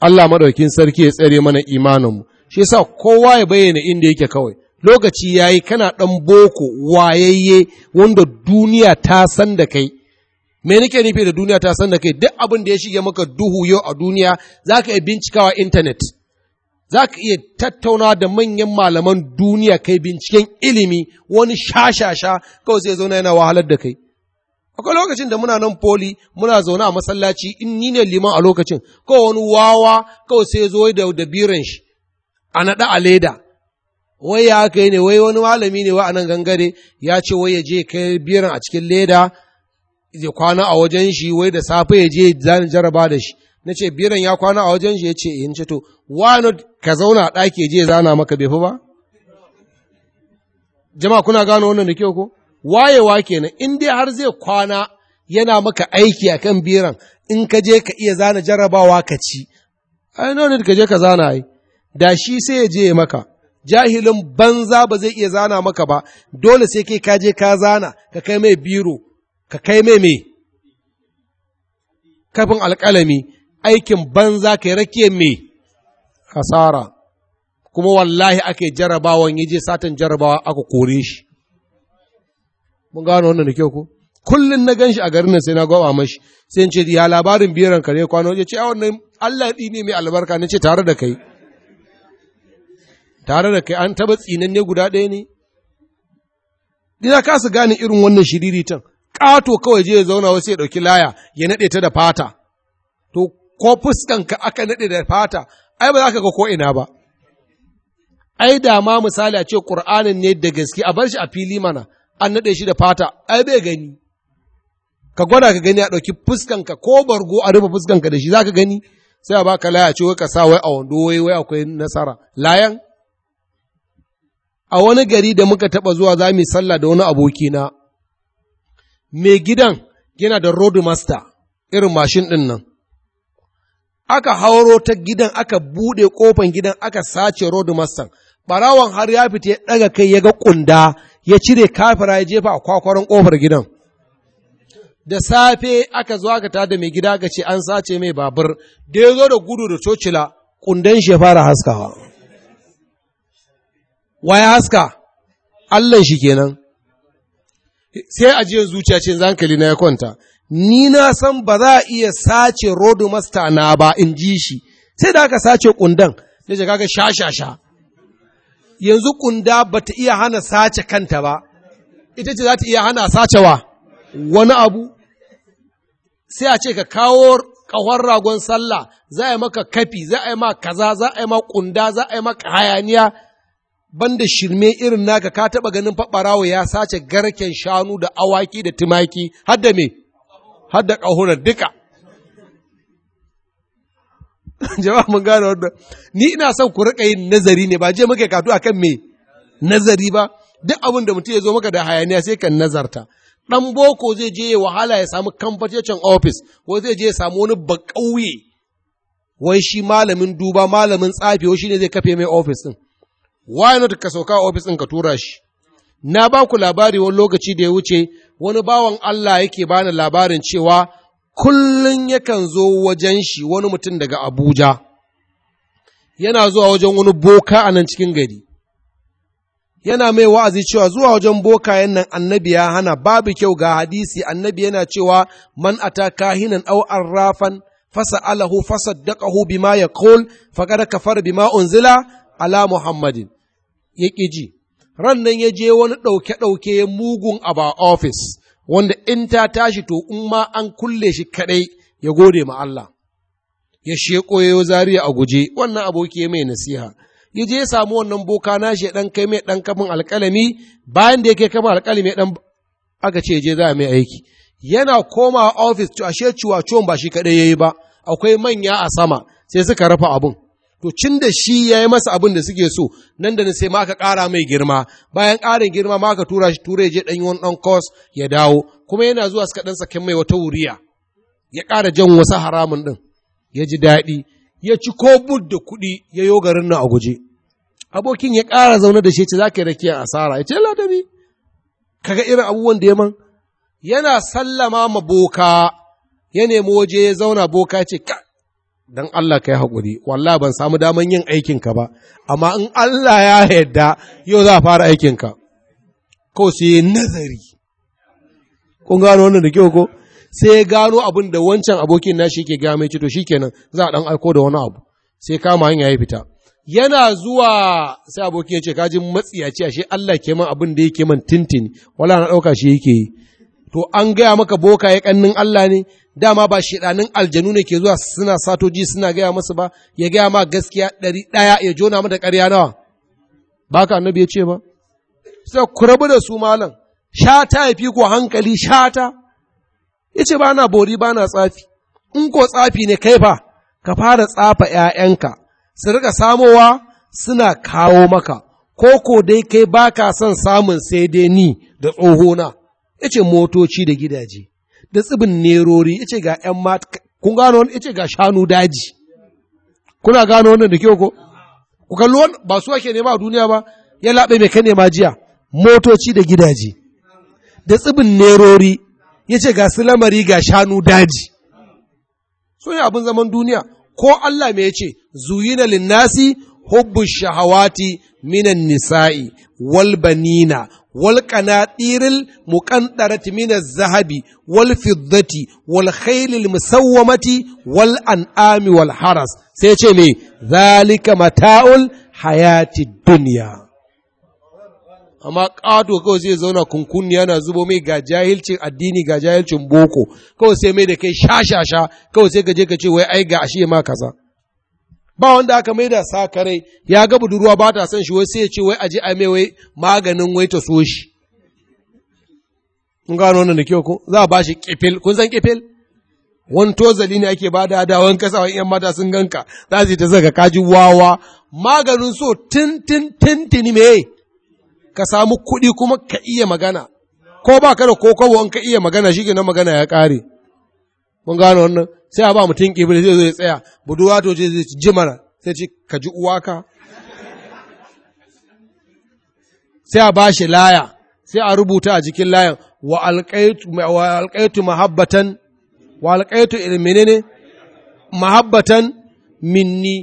S1: Allah madaukin sarki ya tsare mana imaninmu shi sa kowa ya bayyana inda yake kawai lokaci yayi kana ɗan boko wayayye wanda duniya ta san da kai me nake nufi da duniya ta san da kai duk abin da ya shige maka duhu yau a duniya za ka iya bincikawa intanet za ka iya tattauna da manyan malaman duniya kai binciken ilimi wani shashasha kawai sai zauna yana wahalar da kai akwai lokacin da muna nan poli muna zaune a masallaci in ni ne liman a lokacin kawai wani wawa kawai sai zo da dabiran shi a naɗa a leda wai ya kai ne wai wani malami ne wa a nan gangare ya ce wai ya je kai biran a cikin leda ya kwana a wajen shi wai da safe ya je zan jaraba da shi na ce biran ya kwana a wajen shi ya ce in eh. ce to wani ka zauna a ɗaki ya je zana maka bai fi ba jama'a kuna gano wannan da kyau ko wayewa kenan in dai har zai kwana yana maka aiki akan biran in ka je ka iya zana jarabawa ka ci ai no ka je ka zana ai da shi sai ya je maka jahilin banza ba zai iya zana maka ba dole sai kai ka je ka zana ka kai mai biro ka kai mai me kafin alƙalami aikin banza ka yi rake me hasara kuma wallahi ake jarabawan yi je satan jarabawa aka kore shi mun gano wannan da kyau ko kullum na gan shi a garin nan sai na gwaba mashi sai ce ya labarin biran kare kwano ya ce a wannan Allah ɗi ne mai albarka na ce tare da kai tare da kai an taba tsinan ne guda ɗaya ne Ina ka su gane irin wannan shiriritan ƙato kawai je ya zauna wasu ya ɗauki laya ya naɗe ta da fata to ko fuskanka aka naɗe da fata ai ba za ka ga ko ina ba ai da ma misali a ce ƙur'anin ne da gaske a bar shi a fili mana an naɗe shi da fata ai bai gani ka gwada ka gani a ɗauki fuskanka ko bargo a rufe fuskanka da shi za ka gani sai a baka laya ce wai ka sa wai a wando wai wai akwai nasara layan a wani gari da muka taɓa zuwa za mu sallah da wani abokina mai gidan yana da road master irin mashin ɗin nan. Aka hauro ta gidan aka buɗe ƙofan gidan aka sace road master. Ɓarawan har ya fita ya ɗaga kai ya ga ƙunda ya cire kafira ya jefa a kwakwaron ƙofar gidan. Da safe aka zo aka tada mai gida aka ce an sace mai babur, da ya zo da gudu da cocila ƙundan shi ya fara haskawa. Wa haska? Allahn shi kenan. sai ajiyar zuciya ce hankali na ya kwanta ni na san ba za a iya sace rodimasta na ba in ji shi sai da aka sace kundan na shiga ga sha yanzu ƙunda ba ta iya hana sace kanta ba ita ce za ta iya hana sacewa wani abu sai a ce ka kawo ƙahon ragon sallah za a yi maka kafi za a yi ma kaza za a yi ma kunda za a yi maka hayaniya banda shirme irin naka ka taba ganin faɓarawa ya sace garken shanu da awaki da tumaki hadda me hadda ƙahunar duka jama'a mun gane wannan ni ina son ku riƙa yin nazari ne ba je muke katu akan me nazari ba duk abin da mutum ya zo maka da hayaniya sai kan nazarta dan boko zai je ya wahala ya samu kamfatacin ofis ko zai je ya samu wani bakauye wai shi malamin duba malamin tsafi shi ne zai kafe mai ofis din why not ka sauka a ofis ɗin ka tura shi na ba ku labari wani lokaci da ya wuce wani bawan Allah yake bani labarin cewa kullum yakan zo wajen shi wani mutum daga Abuja yana zuwa wajen wani boka a nan cikin gari yana mai wa'azi cewa zuwa wajen bokayen nan annabi ya hana babu kyau ga hadisi annabi yana cewa man ata kahinan aw arrafan fasa fasaddaqahu bima faƙar ka kafar bima unzila ala Muhammadin, ya ji, ran nan ya je wani ɗauke-ɗauke mugun aba ofis, wanda in ta tashi to in ma an kulle shi kaɗai ya gode ma Allah. Ya sheƙo ya zariya a guje, wannan aboki mai nasiha. ya je ya samu wannan boka na shi ɗan kai mai ɗan kafin alƙalami bayan da yake kama alƙalami ɗan aka ce je za a mai aiki yana koma ofis to ashe ciwacon ba shi kaɗai ya yi ba akwai manya a sama sai suka rafa abun to cin da shi ya yi masa abin da suke so nan da sai ma ka ƙara mai girma bayan ƙarin girma ma ka tura shi ya je ɗanyi wani ɗan kos ya dawo kuma yana zuwa suka ɗan sakin mai wata wuriya ya ƙara jan wasu haramun ɗin ya ji daɗi ya ci ko bud da kuɗi ya yo garin nan a guje abokin ya ƙara zaune da shi ce za ka yi rakiyar asara ya ce ladabi kaga irin abubuwan da ya man yana sallama ma boka ya nemi waje ya zauna boka ce Dan Allah ka yi haƙuri, wallah ban samu daman yin aikinka ba, amma in Allah ya yadda yau za a fara aikinka, ko sai nazari. Kun gano wannan da kyau ko? Sai ya gano abin da wancan abokin na shi ke gaya mai cito shi kenan za a ɗan aiko da wani abu, sai kama hanya ya fita. Yana zuwa sai abokin ya ce kaji matsiyaci ashe Allah ke man abin da yake man tintini, wala na ɗauka shi yake yi. To an gaya maka boka ya ƙannin Allah ne, dama ba shiɗanin aljanu ne ke zuwa suna satoji suna gaya masu ba ya gaya ma gaskiya ɗari ɗaya ya jona mata ƙarya nawa ba ka annabi ya ce ba sai ku rabu da su malam shata ya fi ku hankali shata ya ce ba na bori ba na tsafi in ko tsafi ne kai fa ka fara tsafa ‘ya'yanka su rika samowa suna kawo maka ko ko dai kai ba ka son samun sai dai ni da tsohona ya ce motoci da gidaje da tsibin nerori ya ce ga ‘yan mata, kun gano wani ya ce ga shanu daji, kuna gano wannan da kyau ko? Ku kalli wani ba su ake nema a duniya ba, ya laɓe mai kane ma jiya, motoci da gidaje, da tsibin nerori ya ce ga su lamari ga shanu daji. So yi abin zaman duniya, ko Allah mai ce, zuyina linnasi hubbu shahawati minan nisa'i wal banina wal qanatiril muqantarati min zahabi wal fiddati wal khaylil musawwamati wal an'ami wal haras sai ce me zalika mata'ul hayati duniya. amma ƙato kawai zai zauna kunkunni yana zuba mai ga jahilcin addini ga jahilcin boko kawai sai mai da kai sha sha sha kawai sai ka je ka ce wai ai ga ashe ma kasa. ba wanda aka mai da sakarai ya ga budurwa ba ta son shi wai sai ya ce wai aje a mai wai maganin wai ta so shi kun gano wannan da kyau ko za a ba shi kifil kun san kifil wani tozali ne ake ba da dawon kasa wani yan mata sun ganka za su ta zaga kaji wawa maganin so tintin tintini me ka samu kuɗi kuma ka iya magana ko ba ka da ko in ka iya magana shi na magana ya ƙare mun gano wannan sai a ba mutum kibir zai zo ya tsaya Budurwa to ce zai ji mana sai ce ka ji uwaka sai a ba shi laya sai a rubuta a jikin layan wa alƙaitu mahabbatan wa alƙaitu ne mahabbatan minni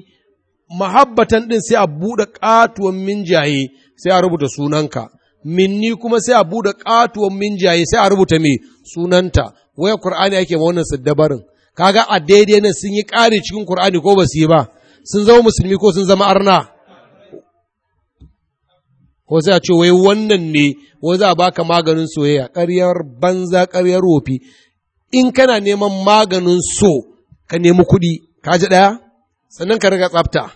S1: mahabbatan ɗin sai a buɗe ƙatuwan minjaye sai a rubuta sunanka minni kuma sai a buɗe ƙatuwan minjaye sai a rubuta me sunanta waya Qur'ani ake ma wannan dabarin kaga a daidai nan sun yi ƙari cikin Qur'ani ko ba su yi ba sun zama musulmi ko sun zama arna ko sai a ce wai wannan ne wai za a baka maganin soyayya ƙaryar banza ƙaryar wofi in kana neman maganin so ka nemi kuɗi ka ji ɗaya sannan ka riga tsafta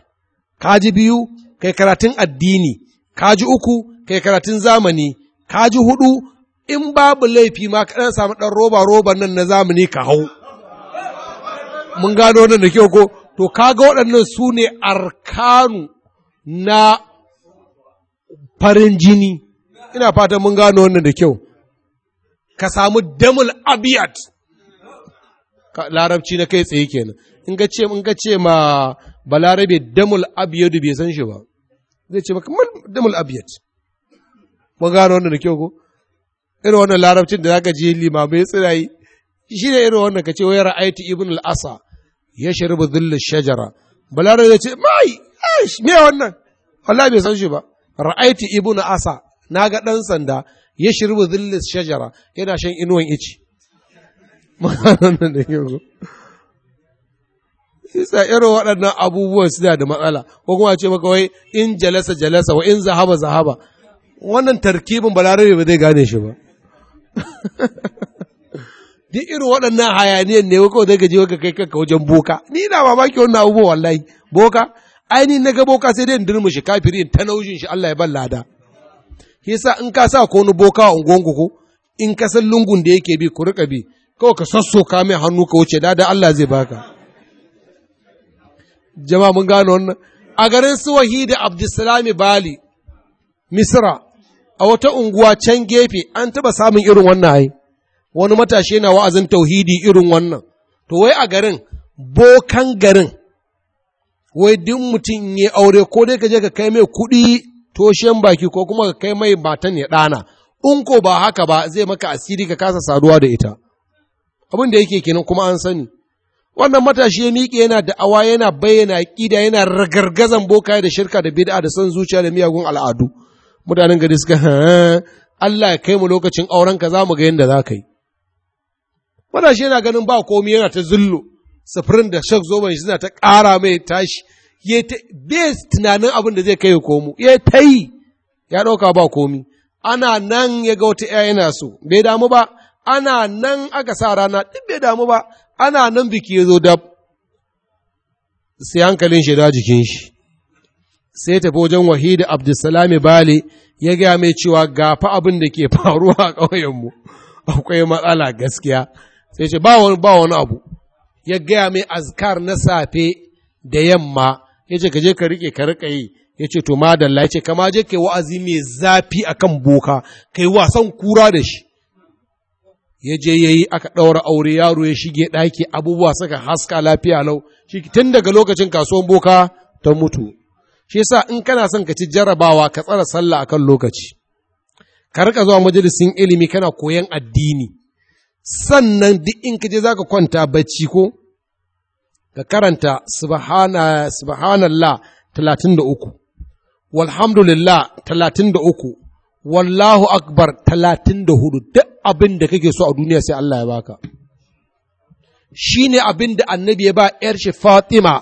S1: ka ji biyu kai karatun addini ka ji uku kai karatun zamani ka ji hudu in babu laifi ma ka samu ɗan roba-roban nan na zamani ka hau. Mun gano nan da kyau ko, to kaga waɗannan su ne arkanu na farin jini, ina fata mun gano wannan da kyau. Ka samu damul abiyat, larabci na kai tsaye kenan, in ga ce in ga ce ma balarabe damul abiyadu bai san shi ba, zai ce maka damul abiyat. Mun gano wannan da kyau ko? irin wannan larabcin da zaka ji limamai suna yi shi ne irin wannan kace wai ra'aiti ibn al-asa yashrubu dhill shajara balaro ya ce mai me wannan wallahi bai san shi ba ra'aiti ibn asa naga dan sanda ya shirbu dhill shajara yana shan inuwan ici maganan da isa irin waɗannan abubuwan suna da matsala ko kuma ce maka wai in jalasa jalasa wa in zahaba zahaba wannan tarkibin balarabe ba zai gane shi ba duk irin waɗannan hayaniyan ne kawai daga je ka kai kanka wajen boka ni na mamaki wannan abubuwa wallahi boka aini na ga boka sai dai in dirmu shi kafiri in ta naujin shi Allah ya ban lada yasa in ka sa ko wani boka a ungonku ko in ka san lungun da yake bi ku rika bi kawai ka sassoka mai hannu ka wuce da Allah zai baka jama'a mun gano wannan a garin suwahi da abdulsalami bali misra a wata unguwa can gefe an taba samun irin wannan ai, wani matashi yana wa'azin tauhidi irin wannan, to wai a garin, bokan garin, wai duk mutum ya aure ko dai ka je ka kai mai kuɗi toshen baki ko kuma ka kai mai matan ya ɗana, in ko ba haka ba zai maka asiri ka kasa saduwa da ita. Abin da yake kenan kuma an sani. Wannan matashi ya miƙe yana da'awa yana bayyana ƙida yana ragargazan boka da shirka da bid'a da son zuciya da miyagun al'adu. mutanen gari suka Allah ya kai mu lokacin auren ka za mu ga yadda za ka yi matashi yana ganin ba komi yana ta zullo sufurin da shak zoben shi suna ta ƙara mai tashi ya ta tunanin abin da zai kai komo ya ta yi ya ɗauka ba komi ana nan ya ga wata ‘ya yana so bai damu ba ana nan aka sa rana duk bai damu ba ana nan biki ya zo dab sai hankalin shi da jikin shi sai tafi wajen wahidi abdulsalami bale ya gaya mai cewa gafa abin da ke faruwa a ƙauyenmu akwai matsala gaskiya sai ce ba wani abu ya gaya mai azkar na safe da yamma ya ce ka ka rike ka rika yi ya ce to madalla ya ce kama je yi wa'azi mai zafi a kan boka ka yi wasan kura da shi ya je ya yi aka ɗaura aure yaro ya shige ɗaki abubuwa suka haska lafiya lau shi tun daga lokacin kasuwan boka ta mutu shi yasa in kana son ka ci jarabawa ka tsara sallah akan lokaci ka rika zuwa majalisin ilimi kana koyan addini sannan duk in ka je za ka kwanta bacci ko ka karanta subhana subhanallah 33 walhamdulillah uku wallahu akbar hudu duk abin da kake so a duniya sai Allah ya baka shine abin da annabi ya ba yar shi Fatima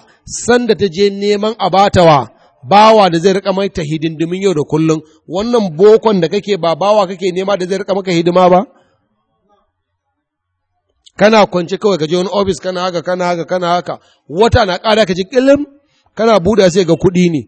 S1: sanda ta je neman abatawa bawa da zai rika mata hidindimin yau da kullum wannan bokon da kake ba bawa kake nema da zai rika maka hidima ba kana kwance kawai ka je wani ofis kana haka kana haka kana haka wata na ƙara ka ji kilim kana buɗa sai ga kuɗi ne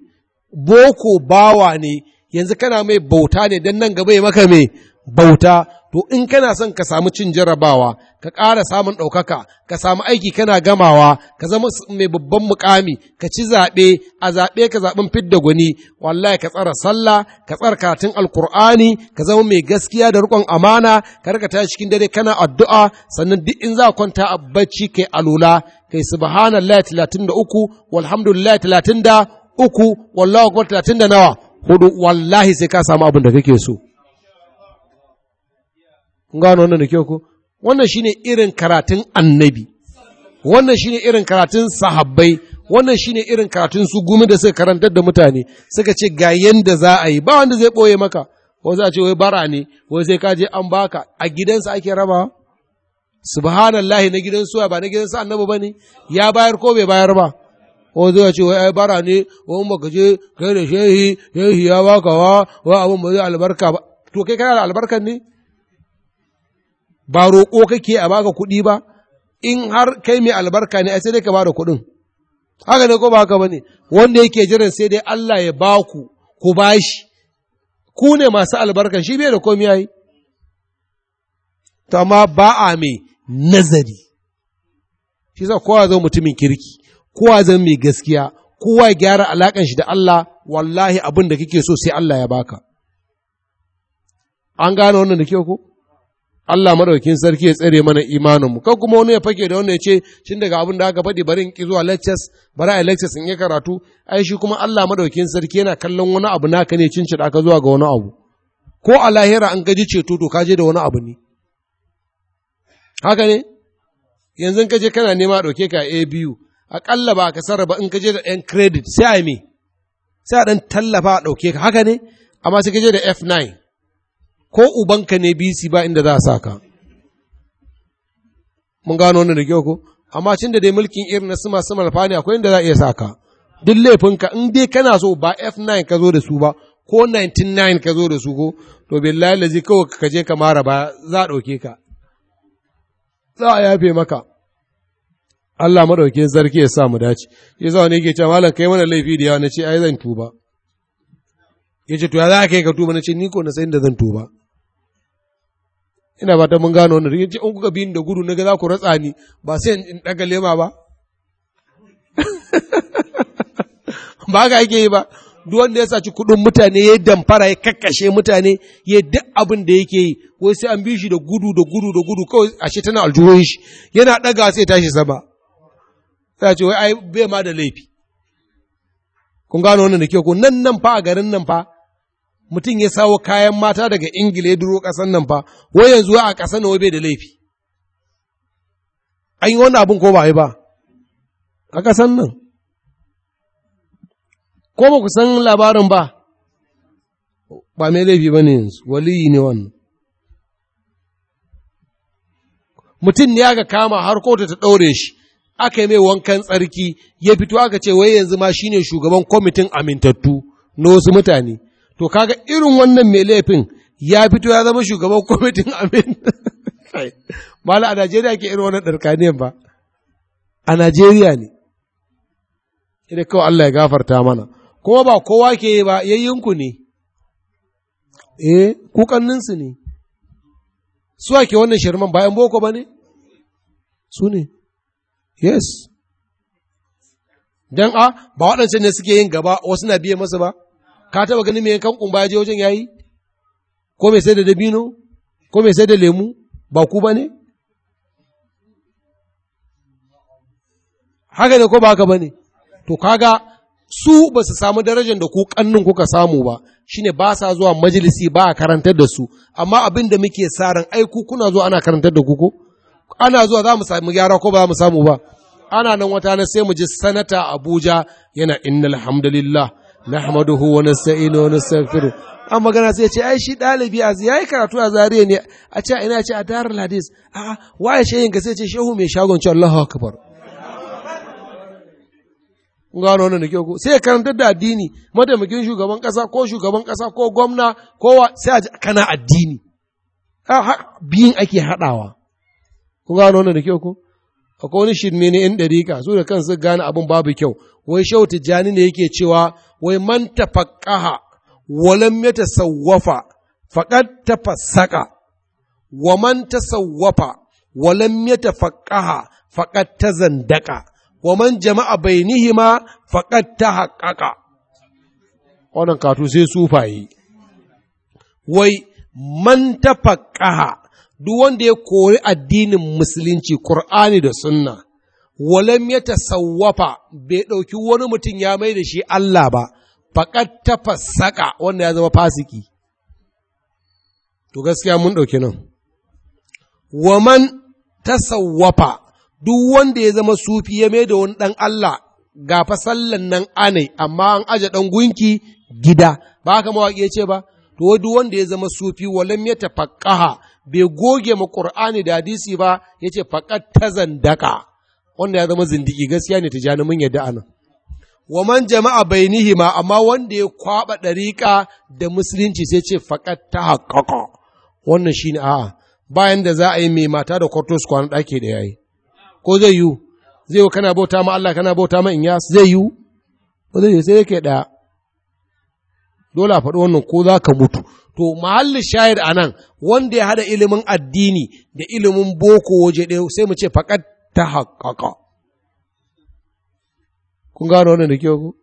S1: boko bawa ne yanzu kana mai bauta ne dan nan gaba ya maka mai bauta, to in kana son ka samu cin jarrabawa, ka ƙara samun ɗaukaka, ka samu aiki kana gamawa, ka zama mai babban mukami, ka ci zaɓe, a zaɓe ka zaɓin fidda gwani, wallahi ka tsara sallah, ka tsara karatun alkur'ani, ka zama mai gaskiya da riƙon amana, ka rika tashi cikin dare kana addu'a, sannan duk in za kwanta a bacci kai alula, kai subhanallah talatin da uku, walhamdulillah talatin da uku, wallahu akbar talatin da nawa, hudu wallahi sai ka samu abin da kake so. kun gano wannan da kyau ko wannan shine irin karatun annabi wannan shine irin karatun sahabbai wannan shine irin karatun su gumi da suka karantar da mutane suka ce ga yanda za a yi ba wanda zai boye maka ko za a ce wai bara ne wai sai ka je an baka a gidansa ake raba subhanallahi na gidan suwa ba na gidan sa annabi bane ya bayar ko bai bayar ba ko zai ce wai ai bara ne ko in baka je kai da shehi shehi ya baka wa wa abun ba zai albarka ba to kai kana da albarkan ne ba roƙo kake a baka kuɗi ba in har kai mai albarka ne sai dai ka bada kuɗin haka ne ko ba haka bane wanda yake jiran sai dai Allah ya baku ku bashi ku ne masu albarka shi bai da komai yayi to amma ba a mai nazari shi sa kowa zo mutumin kirki kowa zan mai gaskiya kowa gyara alakan shi da Allah wallahi abin da kike so sai Allah ya baka an gane wannan da kyau ko Allah madaukin sarki ya tsare mana imaninmu kan kuma wani ya fake da wani ya ce tun daga abin da aka faɗi bari in ki zuwa lectures bari a lectures in yi karatu ai shi kuma Allah madaukin sarki yana kallon wani abu naka ne cin ka zuwa ga wani abu ko a lahira an gaji ceto to je da wani abu ne haka ne yanzu kaje kana nema a ɗauke ka a biyu aƙalla ba ka sarrafa in kaje da ɗan credit sai a yi me sai a ɗan tallafa a ɗauke ka haka ne amma sai kaje da F9 ko ubanka ne bc ba inda za a sa ka mun gano wannan da kyau ko amma cin da dai mulkin irin na suma suma alfani akwai inda za a iya sa ka duk laifinka in dai kana so ba f9 ka zo da su ba ko 99 ka zo da su ko to billahi lazi kawai ka je ka mara ba za a ɗauke ka za a yafe maka Allah madauke zarki ya sa mu dace zawa ne yake cewa malam kai mana laifi da yawa na ce ai zan tuba ya ce to ya za ka kai ka tuba na ce ni ko na san da zan tuba ina ba ta mun gano wannan rikici in kuka bi da gudu naga za ku ratsa ni ba sai in daga lema ba ba ga ake yi ba duk wanda ya saci kuɗin mutane ya damfara ya kakkashe mutane ya duk abin da yake yi wai sai an bi shi da gudu da gudu da gudu kawai ashe tana aljuhoyin shi yana ɗaga sai tashi sama ta ce wai ai bai ma da laifi kun gano wannan da ke ko nan nan fa a garin nan fa mutum ya sawo kayan mata daga ingila ya duro kasan nan fa wai yanzu a ƙasan nan bai da laifi an yi wani abin ko ba yi ba a kasan nan ko ba ku san labarin ba ba mai laifi ba ne yanzu waliyi ne wannan mutum ne aka kama har kota ta ɗaure shi aka yi mai wankan tsarki ya fito aka ce wai yanzu ma shine shugaban kwamitin amintattu na wasu mutane to kaga irin wannan mai laifin ya fito ya zama shugaban kwamitin amin mala a Najeriya ke irin wannan ɗarkaniyan ba a Najeriya ne idan kawai Allah ya gafarta mana kuma ba kowa ke yi ba yayyinku ne eh kukanninsu ne su ake wannan shirman bayan boko ba ne su ne yes don a ah, ba waɗancan ne suke yin gaba wasu na biye masa ba ka taba ganin mai kan kumba je wajen yayi ko mai sai da dabino ko mai sai da lemu ba ku ba haka ne ko ba haka ba to kaga su ba su samu darajar da ku kannin kuka samu ba shine ba sa zuwa majalisi ba a karantar da su amma abin da muke sa ran ai ku kuna zuwa ana karantar da ku ko ana zuwa za mu samu gyara ko ba za mu samu ba ana nan wata na sai mu ji sanata Abuja yana innal hamdulillah nahmaduhu wa nasta'inu wa nastaghfiru an magana sai ce ai shi ɗalibi a yayi karatu a zariya ne a ce ina ce a darul hadis a waye shehin ka sai ce shehu mai shagon ce Allahu akbar kun gano wannan nake ko sai karanta da addini madamakin shugaban kasa ko shugaban kasa ko gwamna ko sai a kana addini biyin ake haɗawa kun gano wannan da kyau ko akwai wani shirme ne yan dariƙa su da kansu gane abin babu kyau wai shehu tijjani ne yake cewa wai man tafaqqaha walam yatasawwafa faqad tafassaqa wa man tasawwafa walam yatafaqqaha faqad tazandaqa wa man jama'a bainihima faqad tahaqqaqa wannan katu sai sufaye wai man tafaqqaha duk wanda ya koyi addinin musulunci qur'ani da sunna walam ya tasawwafa bai ɗauki wani mutum ya mai da shi Allah ba, faƙat ta fasaka wanda ya zama fasiki. To gaskiya mun ɗauki nan. Waman tasawwafa duk wanda ya zama sufi ya mai da wani ɗan Allah ga fasallan nan anai, amma an aje ɗan gunki gida, ba haka mawaƙi ya ce ba, to duk wanda ya zama sufi walam ya tafaƙaha bai goge ma Ƙur'ani da hadisi ba, ya ce faƙat ta zandaka. wanda ya zama zindigi gaskiya ne tijani mun yadda anan wa man jama'a bainihi ma amma wanda ya kwaba ɗariƙa da musulunci sai ce faqat ta haƙaƙa. wannan shi ne a'a bayan da za a yi mai mata da kwartos kwana ɗaki da yayi ko zai yiwu zai kana bauta ma Allah kana bauta ma inya zai yiwu Ko zai yiwu sai yake ɗaya dole a faɗi wannan ko za ka mutu to mahallin shayar a nan wanda ya haɗa ilimin addini da ilimin boko waje ɗaya sai mu ce faƙat ta Kun gano wannan da kyau ku?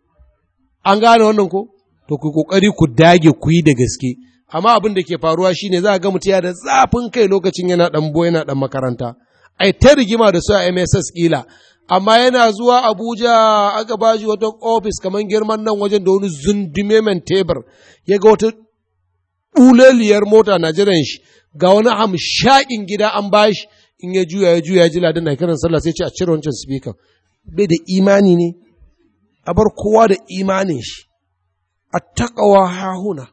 S1: An gane wannan ko? To ku ƙoƙari ku dage ku yi da gaske. Amma abin da ke faruwa shine za a ga mutiya da zafin kai lokacin yana ɗan boye yana ɗan makaranta. Ai ta rigima da su a MSS kila Amma yana zuwa Abuja aka ba shi wata ofis kamar girman nan wajen da wani zundume man tebur. Ya ga wata ɓuleliyar mota na jiran shi ga wani hamshaƙin gida an bashi in ya juya ya juya ji ladan na kiran sallah sai ce a cire wancan speaker bai da imani ne a bar kowa da imanin shi a takawa hahuna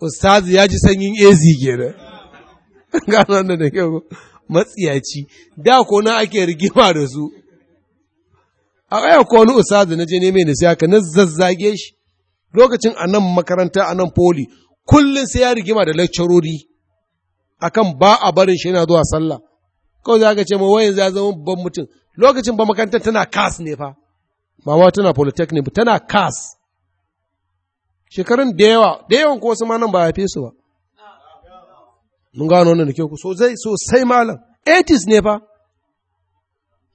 S1: ustazi ya ji sanyin ezi gere gano wannan da kyau matsiyaci da ko na ake rigima da su a kaya ko wani ustazi na je ne mai nasiha ka na zazzage shi lokacin a nan makaranta a nan poli kullum sai ya rigima da lecturori akan ba a barin shi yana zuwa sallah kawai za ka ce ma wayan ya zama babban mutum lokacin ba makarantar tana kas ne fa mama tana polytechnic tana kas shekarun da yawa da yawan ko wasu ma nan ba a fi su ba mun gano wannan da ke ku sosai sosai malam 80s ne fa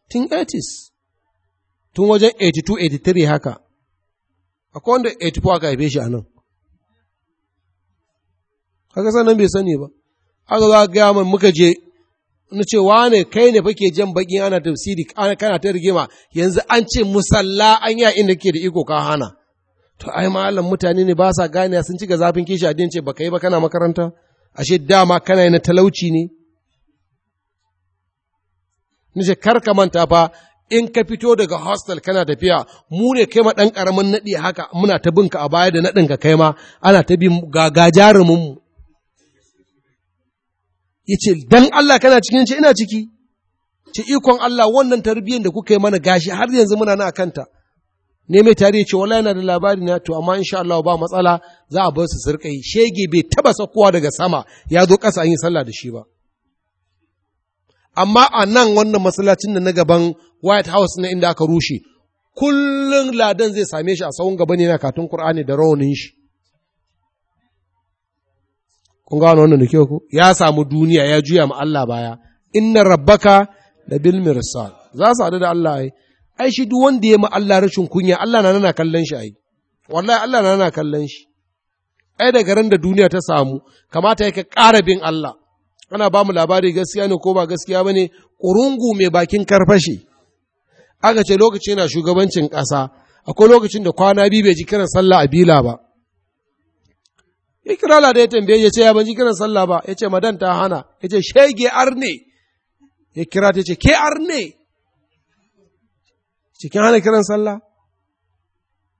S1: tun 80s tun wajen 82 83 haka akwai wanda 84 aka haife shi a nan haka sanan bai sani ba aka za gaya min muka je na ce wane kai ne fake jan baki ana tafsiri ana kana ta rigima yanzu an ce musalla an yi inda ke da iko ka hana to ai malam mutane ne ba sa gane sun ci ga zafin kishi a dince baka yi ba kana makaranta ashe dama kana yi na talauci ne ce kar ka manta fa in ka fito daga hostel kana tafiya mu ne kai ma dan karamin nadi haka muna ta binka a baya da nadin ka kai ma ana ta bi ga gajarumin mu ya ce dan Allah kana cikin ce ina ciki ce ikon Allah wannan tarbiyyar da kuka yi mana gashi har yanzu muna na kanta ne mai tare ce wala yana da labari na to amma insha Allah ba matsala za a bar su su shege bai taba saukowa daga sama ya zo ƙasa an yi sallah da shi ba amma a nan wannan masallacin da na gaban White House na inda aka rushe kullum ladan zai same shi a tsawon gaba ne na katun Kur'ani da rawanin shi kun wani wannan da ke ku ya samu duniya ya juya ma Allah baya inna rabbaka da bil mirsal za su haɗu da Allah ai ai shi duk wanda ya ma Allah rashin kunya Allah na nana kallon shi ai wallahi Allah na nana kallon shi ai daga ran da duniya ta samu kamata ya ka ƙara bin Allah ana ba mu labari gaskiya ne ko ba gaskiya bane kurungu mai bakin karfashi aka ce lokaci yana shugabancin ƙasa akwai lokacin da kwana biyu bai ji kiran sallah a bila ba ya la da ya tambaye ya ce ya banji kiran sallah ba ya ce madan ta hana ya ce shege arne ya kira ta ce ke arne cikin hana kiran sallah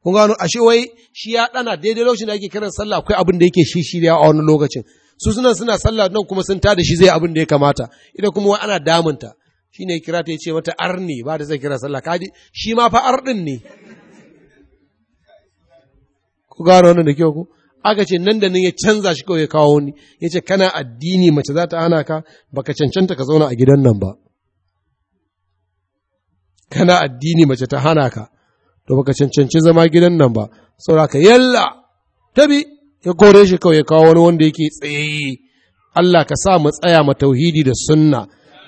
S1: kun gano ashe wai shi ya dana daidai lokacin da ake kiran sallah akwai abin da yake shi shirya a wani lokacin su suna suna sallah nan kuma sun tada shi zai abin da ya kamata ita kuma wai ana damunta shine ya kira ta ce mata arne ba da zai kira sallah kaji shi ma fa ardin ne ku gano wannan da kyau ku aka ce nan da nan ya canza shi kawai ya kawo wani ya ce kana addini mace za ta hana ka baka cancanta ka zauna a gidan nan ba kana addini mace ta hana ka to baka cancanci zama gidan nan ba saboda ka yalla tabi ya kore shi kawai ya kawo wani wanda yake tsayayye Allah ka sa mu tsaya ma tauhidi da sunna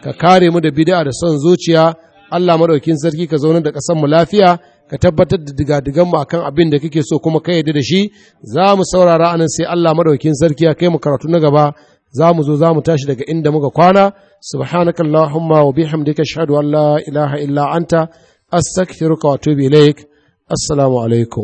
S1: ka kare mu da bid'a da son zuciya Allah madaukin sarki ka zauna da kasan mu lafiya ka tabbatar da digadigan mu akan abin da kake so kuma ka yarda da shi za mu saurara anan sai Allah madaukakin sarki ya kai mu karatu na gaba za mu zo za mu tashi daga inda muka kwana subhanakallahumma wa bihamdika ashhadu an la ilaha illa anta astaghfiruka wa atubu ilaik assalamu alaikum